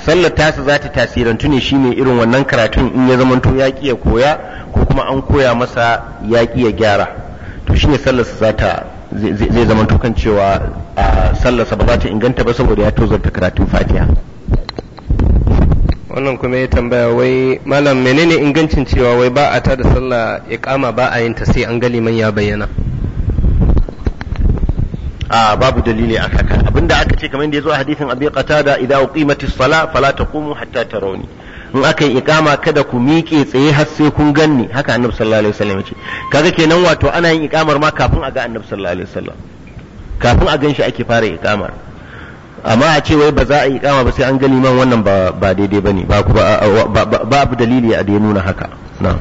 sallar tasa za ta tasirantu ne shine irin wannan karatun in ya zamanto ya ya koya ko kuma an koya masa ya ya gyara to shine sallarsa za ta zai zamanto kan cewa sallarsa ba za ta inganta ba saboda ya tozarta karatun fatiha wannan kuma ya tambaya wai malam menene ingancin cewa wai ba a tada sallah ya kama ba a yin ta sai an gali liman ya bayyana a ah, babu dalili a haka abinda aka ce kamar yadda ya zo a hadisin abi qatada idza uqimatis sala fala taqumu hatta tarawni in aka yi ikama kada ku miƙe tsaye har sai kun ganni haka annabi sallallahu alaihi wasallam ce kaga kenan wato ana yin ikamar ma kafin a ga annabi sallallahu alaihi wasallam kafin a gan shi ake fara ikamar amma a ce wai ba za a yi ikama ba sai an ga liman wannan ba ba daidai bane ba ba babu dalili a da ya nuna haka na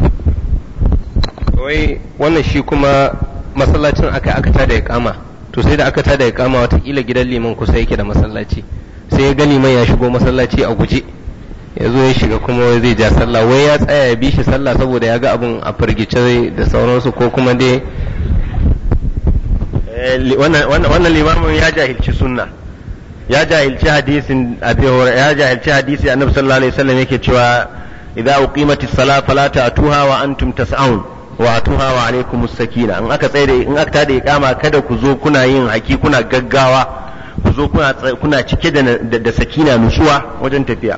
wai wannan shi kuma masallacin aka aka tada ikama to sai da aka tada ya kama watakila gidan liman kusa yake da masallaci sai ya gani liman ya shigo masallaci a guje ya zo ya shiga kuma zai ja sallah wai ya tsaya ya bi shi sallah saboda ya ga abin a firgice da sauransu ko kuma dai eh, wannan limamin ya jahilci sunna ya jahilci hadisin abi ya jahilci hadisi annabi sallallahu alaihi wasallam yake cewa idza uqimatis sala fala ta'tuha wa antum tas'un wa atuha wa alaikum sakina in aka tsaye in aka tada iqama kada ku zo kuna yin haki kuna gaggawa ku zo kuna kuna cike da da sakina nutsuwa wajen tafiya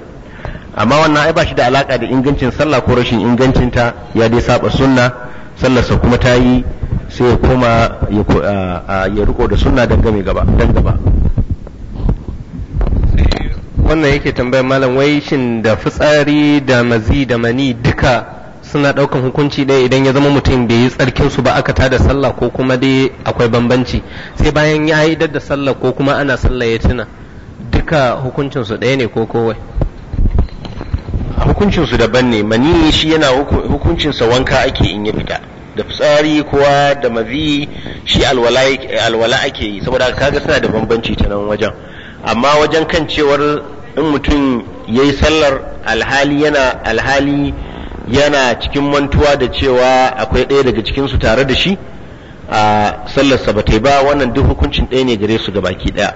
amma wannan ai ba shi da alaka da ingancin sallah ko rashin ingancin ta ya dai saba sunna sa kuma ta yi sai ya koma ya riko da sunna dan game gaba dan gaba wannan yake tambayar malam wai shin da fitsari da mazi da mani duka suna ɗaukan hukunci ɗaya idan ya zama mutum bai yi tsarkinsu ba aka tada sallah ko kuma dai akwai bambanci sai bayan ya yi da sallah ko kuma ana sallah ya tuna duka hukuncinsu ɗaya ne ko kowai hukuncinsu daban ne mani shi yana hukuncinsa wanka ake in ya fita da fitsari kuwa da mazi shi alwala ake yi saboda kaga suna da bambanci ta nan wajen amma wajen kan cewar in mutum ya yi sallar alhali yana alhali yana cikin mantuwa da cewa akwai ɗaya daga cikinsu tare da shi a sallarsa ba ta ba wannan duk hukuncin ɗaya ne gare su baki ɗaya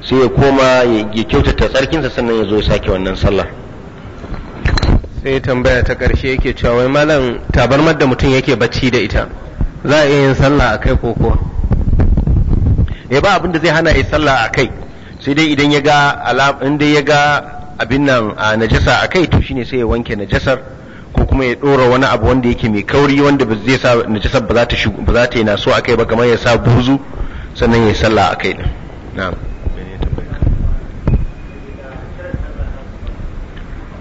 sai ya koma ya kyautata tsarkinsa sannan ya zo ya sake wannan sallar sai tambaya ta ƙarshe yake cewa wai malam tabarmar da mutum yake bacci da ita za a iya yin sallah a kai koko ya eh, ba abin da zai hana yi sallah a kai sai dai idan ya ga in dai ya ga abin nan a najasa a kai to shine sai ya wanke najasar ko kuma ya ɗora wani abu wanda yake mai kauri wanda ba zai sa najasa ba za ta shigo ba za ta yi naso akai ba kamar ya sa buzu sannan ya yi sallah akai din na'am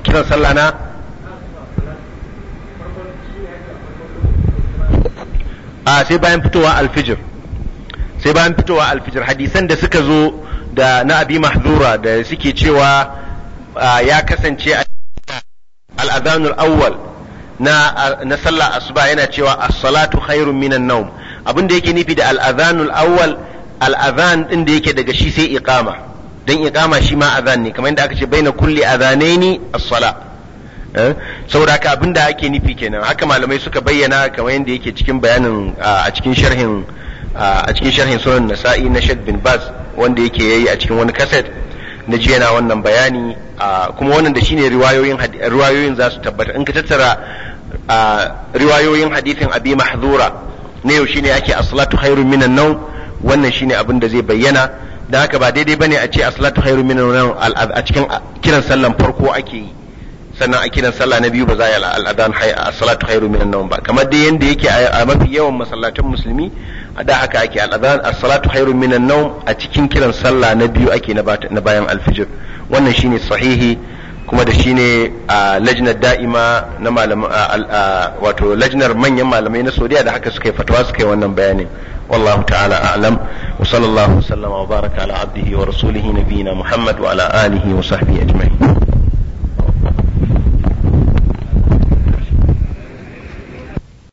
kiran sallah na a sai bayan fitowa alfijir sai bayan fitowa alfijir hadisan da suka zo da na abi mahzura da suke cewa ya kasance al-adhanul awwal na sallah asuba yana cewa as-salatu khairun minan nawm abin da yake nufi da al-adhanul awwal al-adhan din da yake daga shi sai iqama dan iqama shi ma adhan ne kamar yadda aka ce baina kulli adhanaini as-sala eh? saboda haka abin da ake nufi kenan haka malamai suka bayyana kamar yadda yake cikin bayanin a cikin sharhin a cikin sharhin na Sheikh bin Baz wanda yake yayi a cikin wani kaset na ji yana wannan bayani kuma wannan da shine riwayoyin riwayoyin za su tabbata in ka tattara riwayoyin hadithin abi mahzura na yau shine ake asalatu salatu minan nau wannan shine abin da zai bayyana da haka ba daidai bane a ce asalatu salatu minan nau a cikin kiran sallan farko ake yi sannan a kiran sallah na biyu ba za a yi al'adan as-salatu khairu minan nawm ba kamar dai yanda yake a mafi yawan masallatan musulmi a da haka ake al'adan as-salatu khairu minan nawm a cikin kiran sallah na biyu ake na bayan alfijir wannan shine sahihi kuma da shine a lajnar da'ima na malaman wato lajnar manyan malamai na Saudiya da haka suka yi fatawa suka yi wannan bayanin والله تعالى أعلم وصلى الله وسلم وبارك على عبده ورسوله نبينا محمد وعلى آله وصحبه أجمعين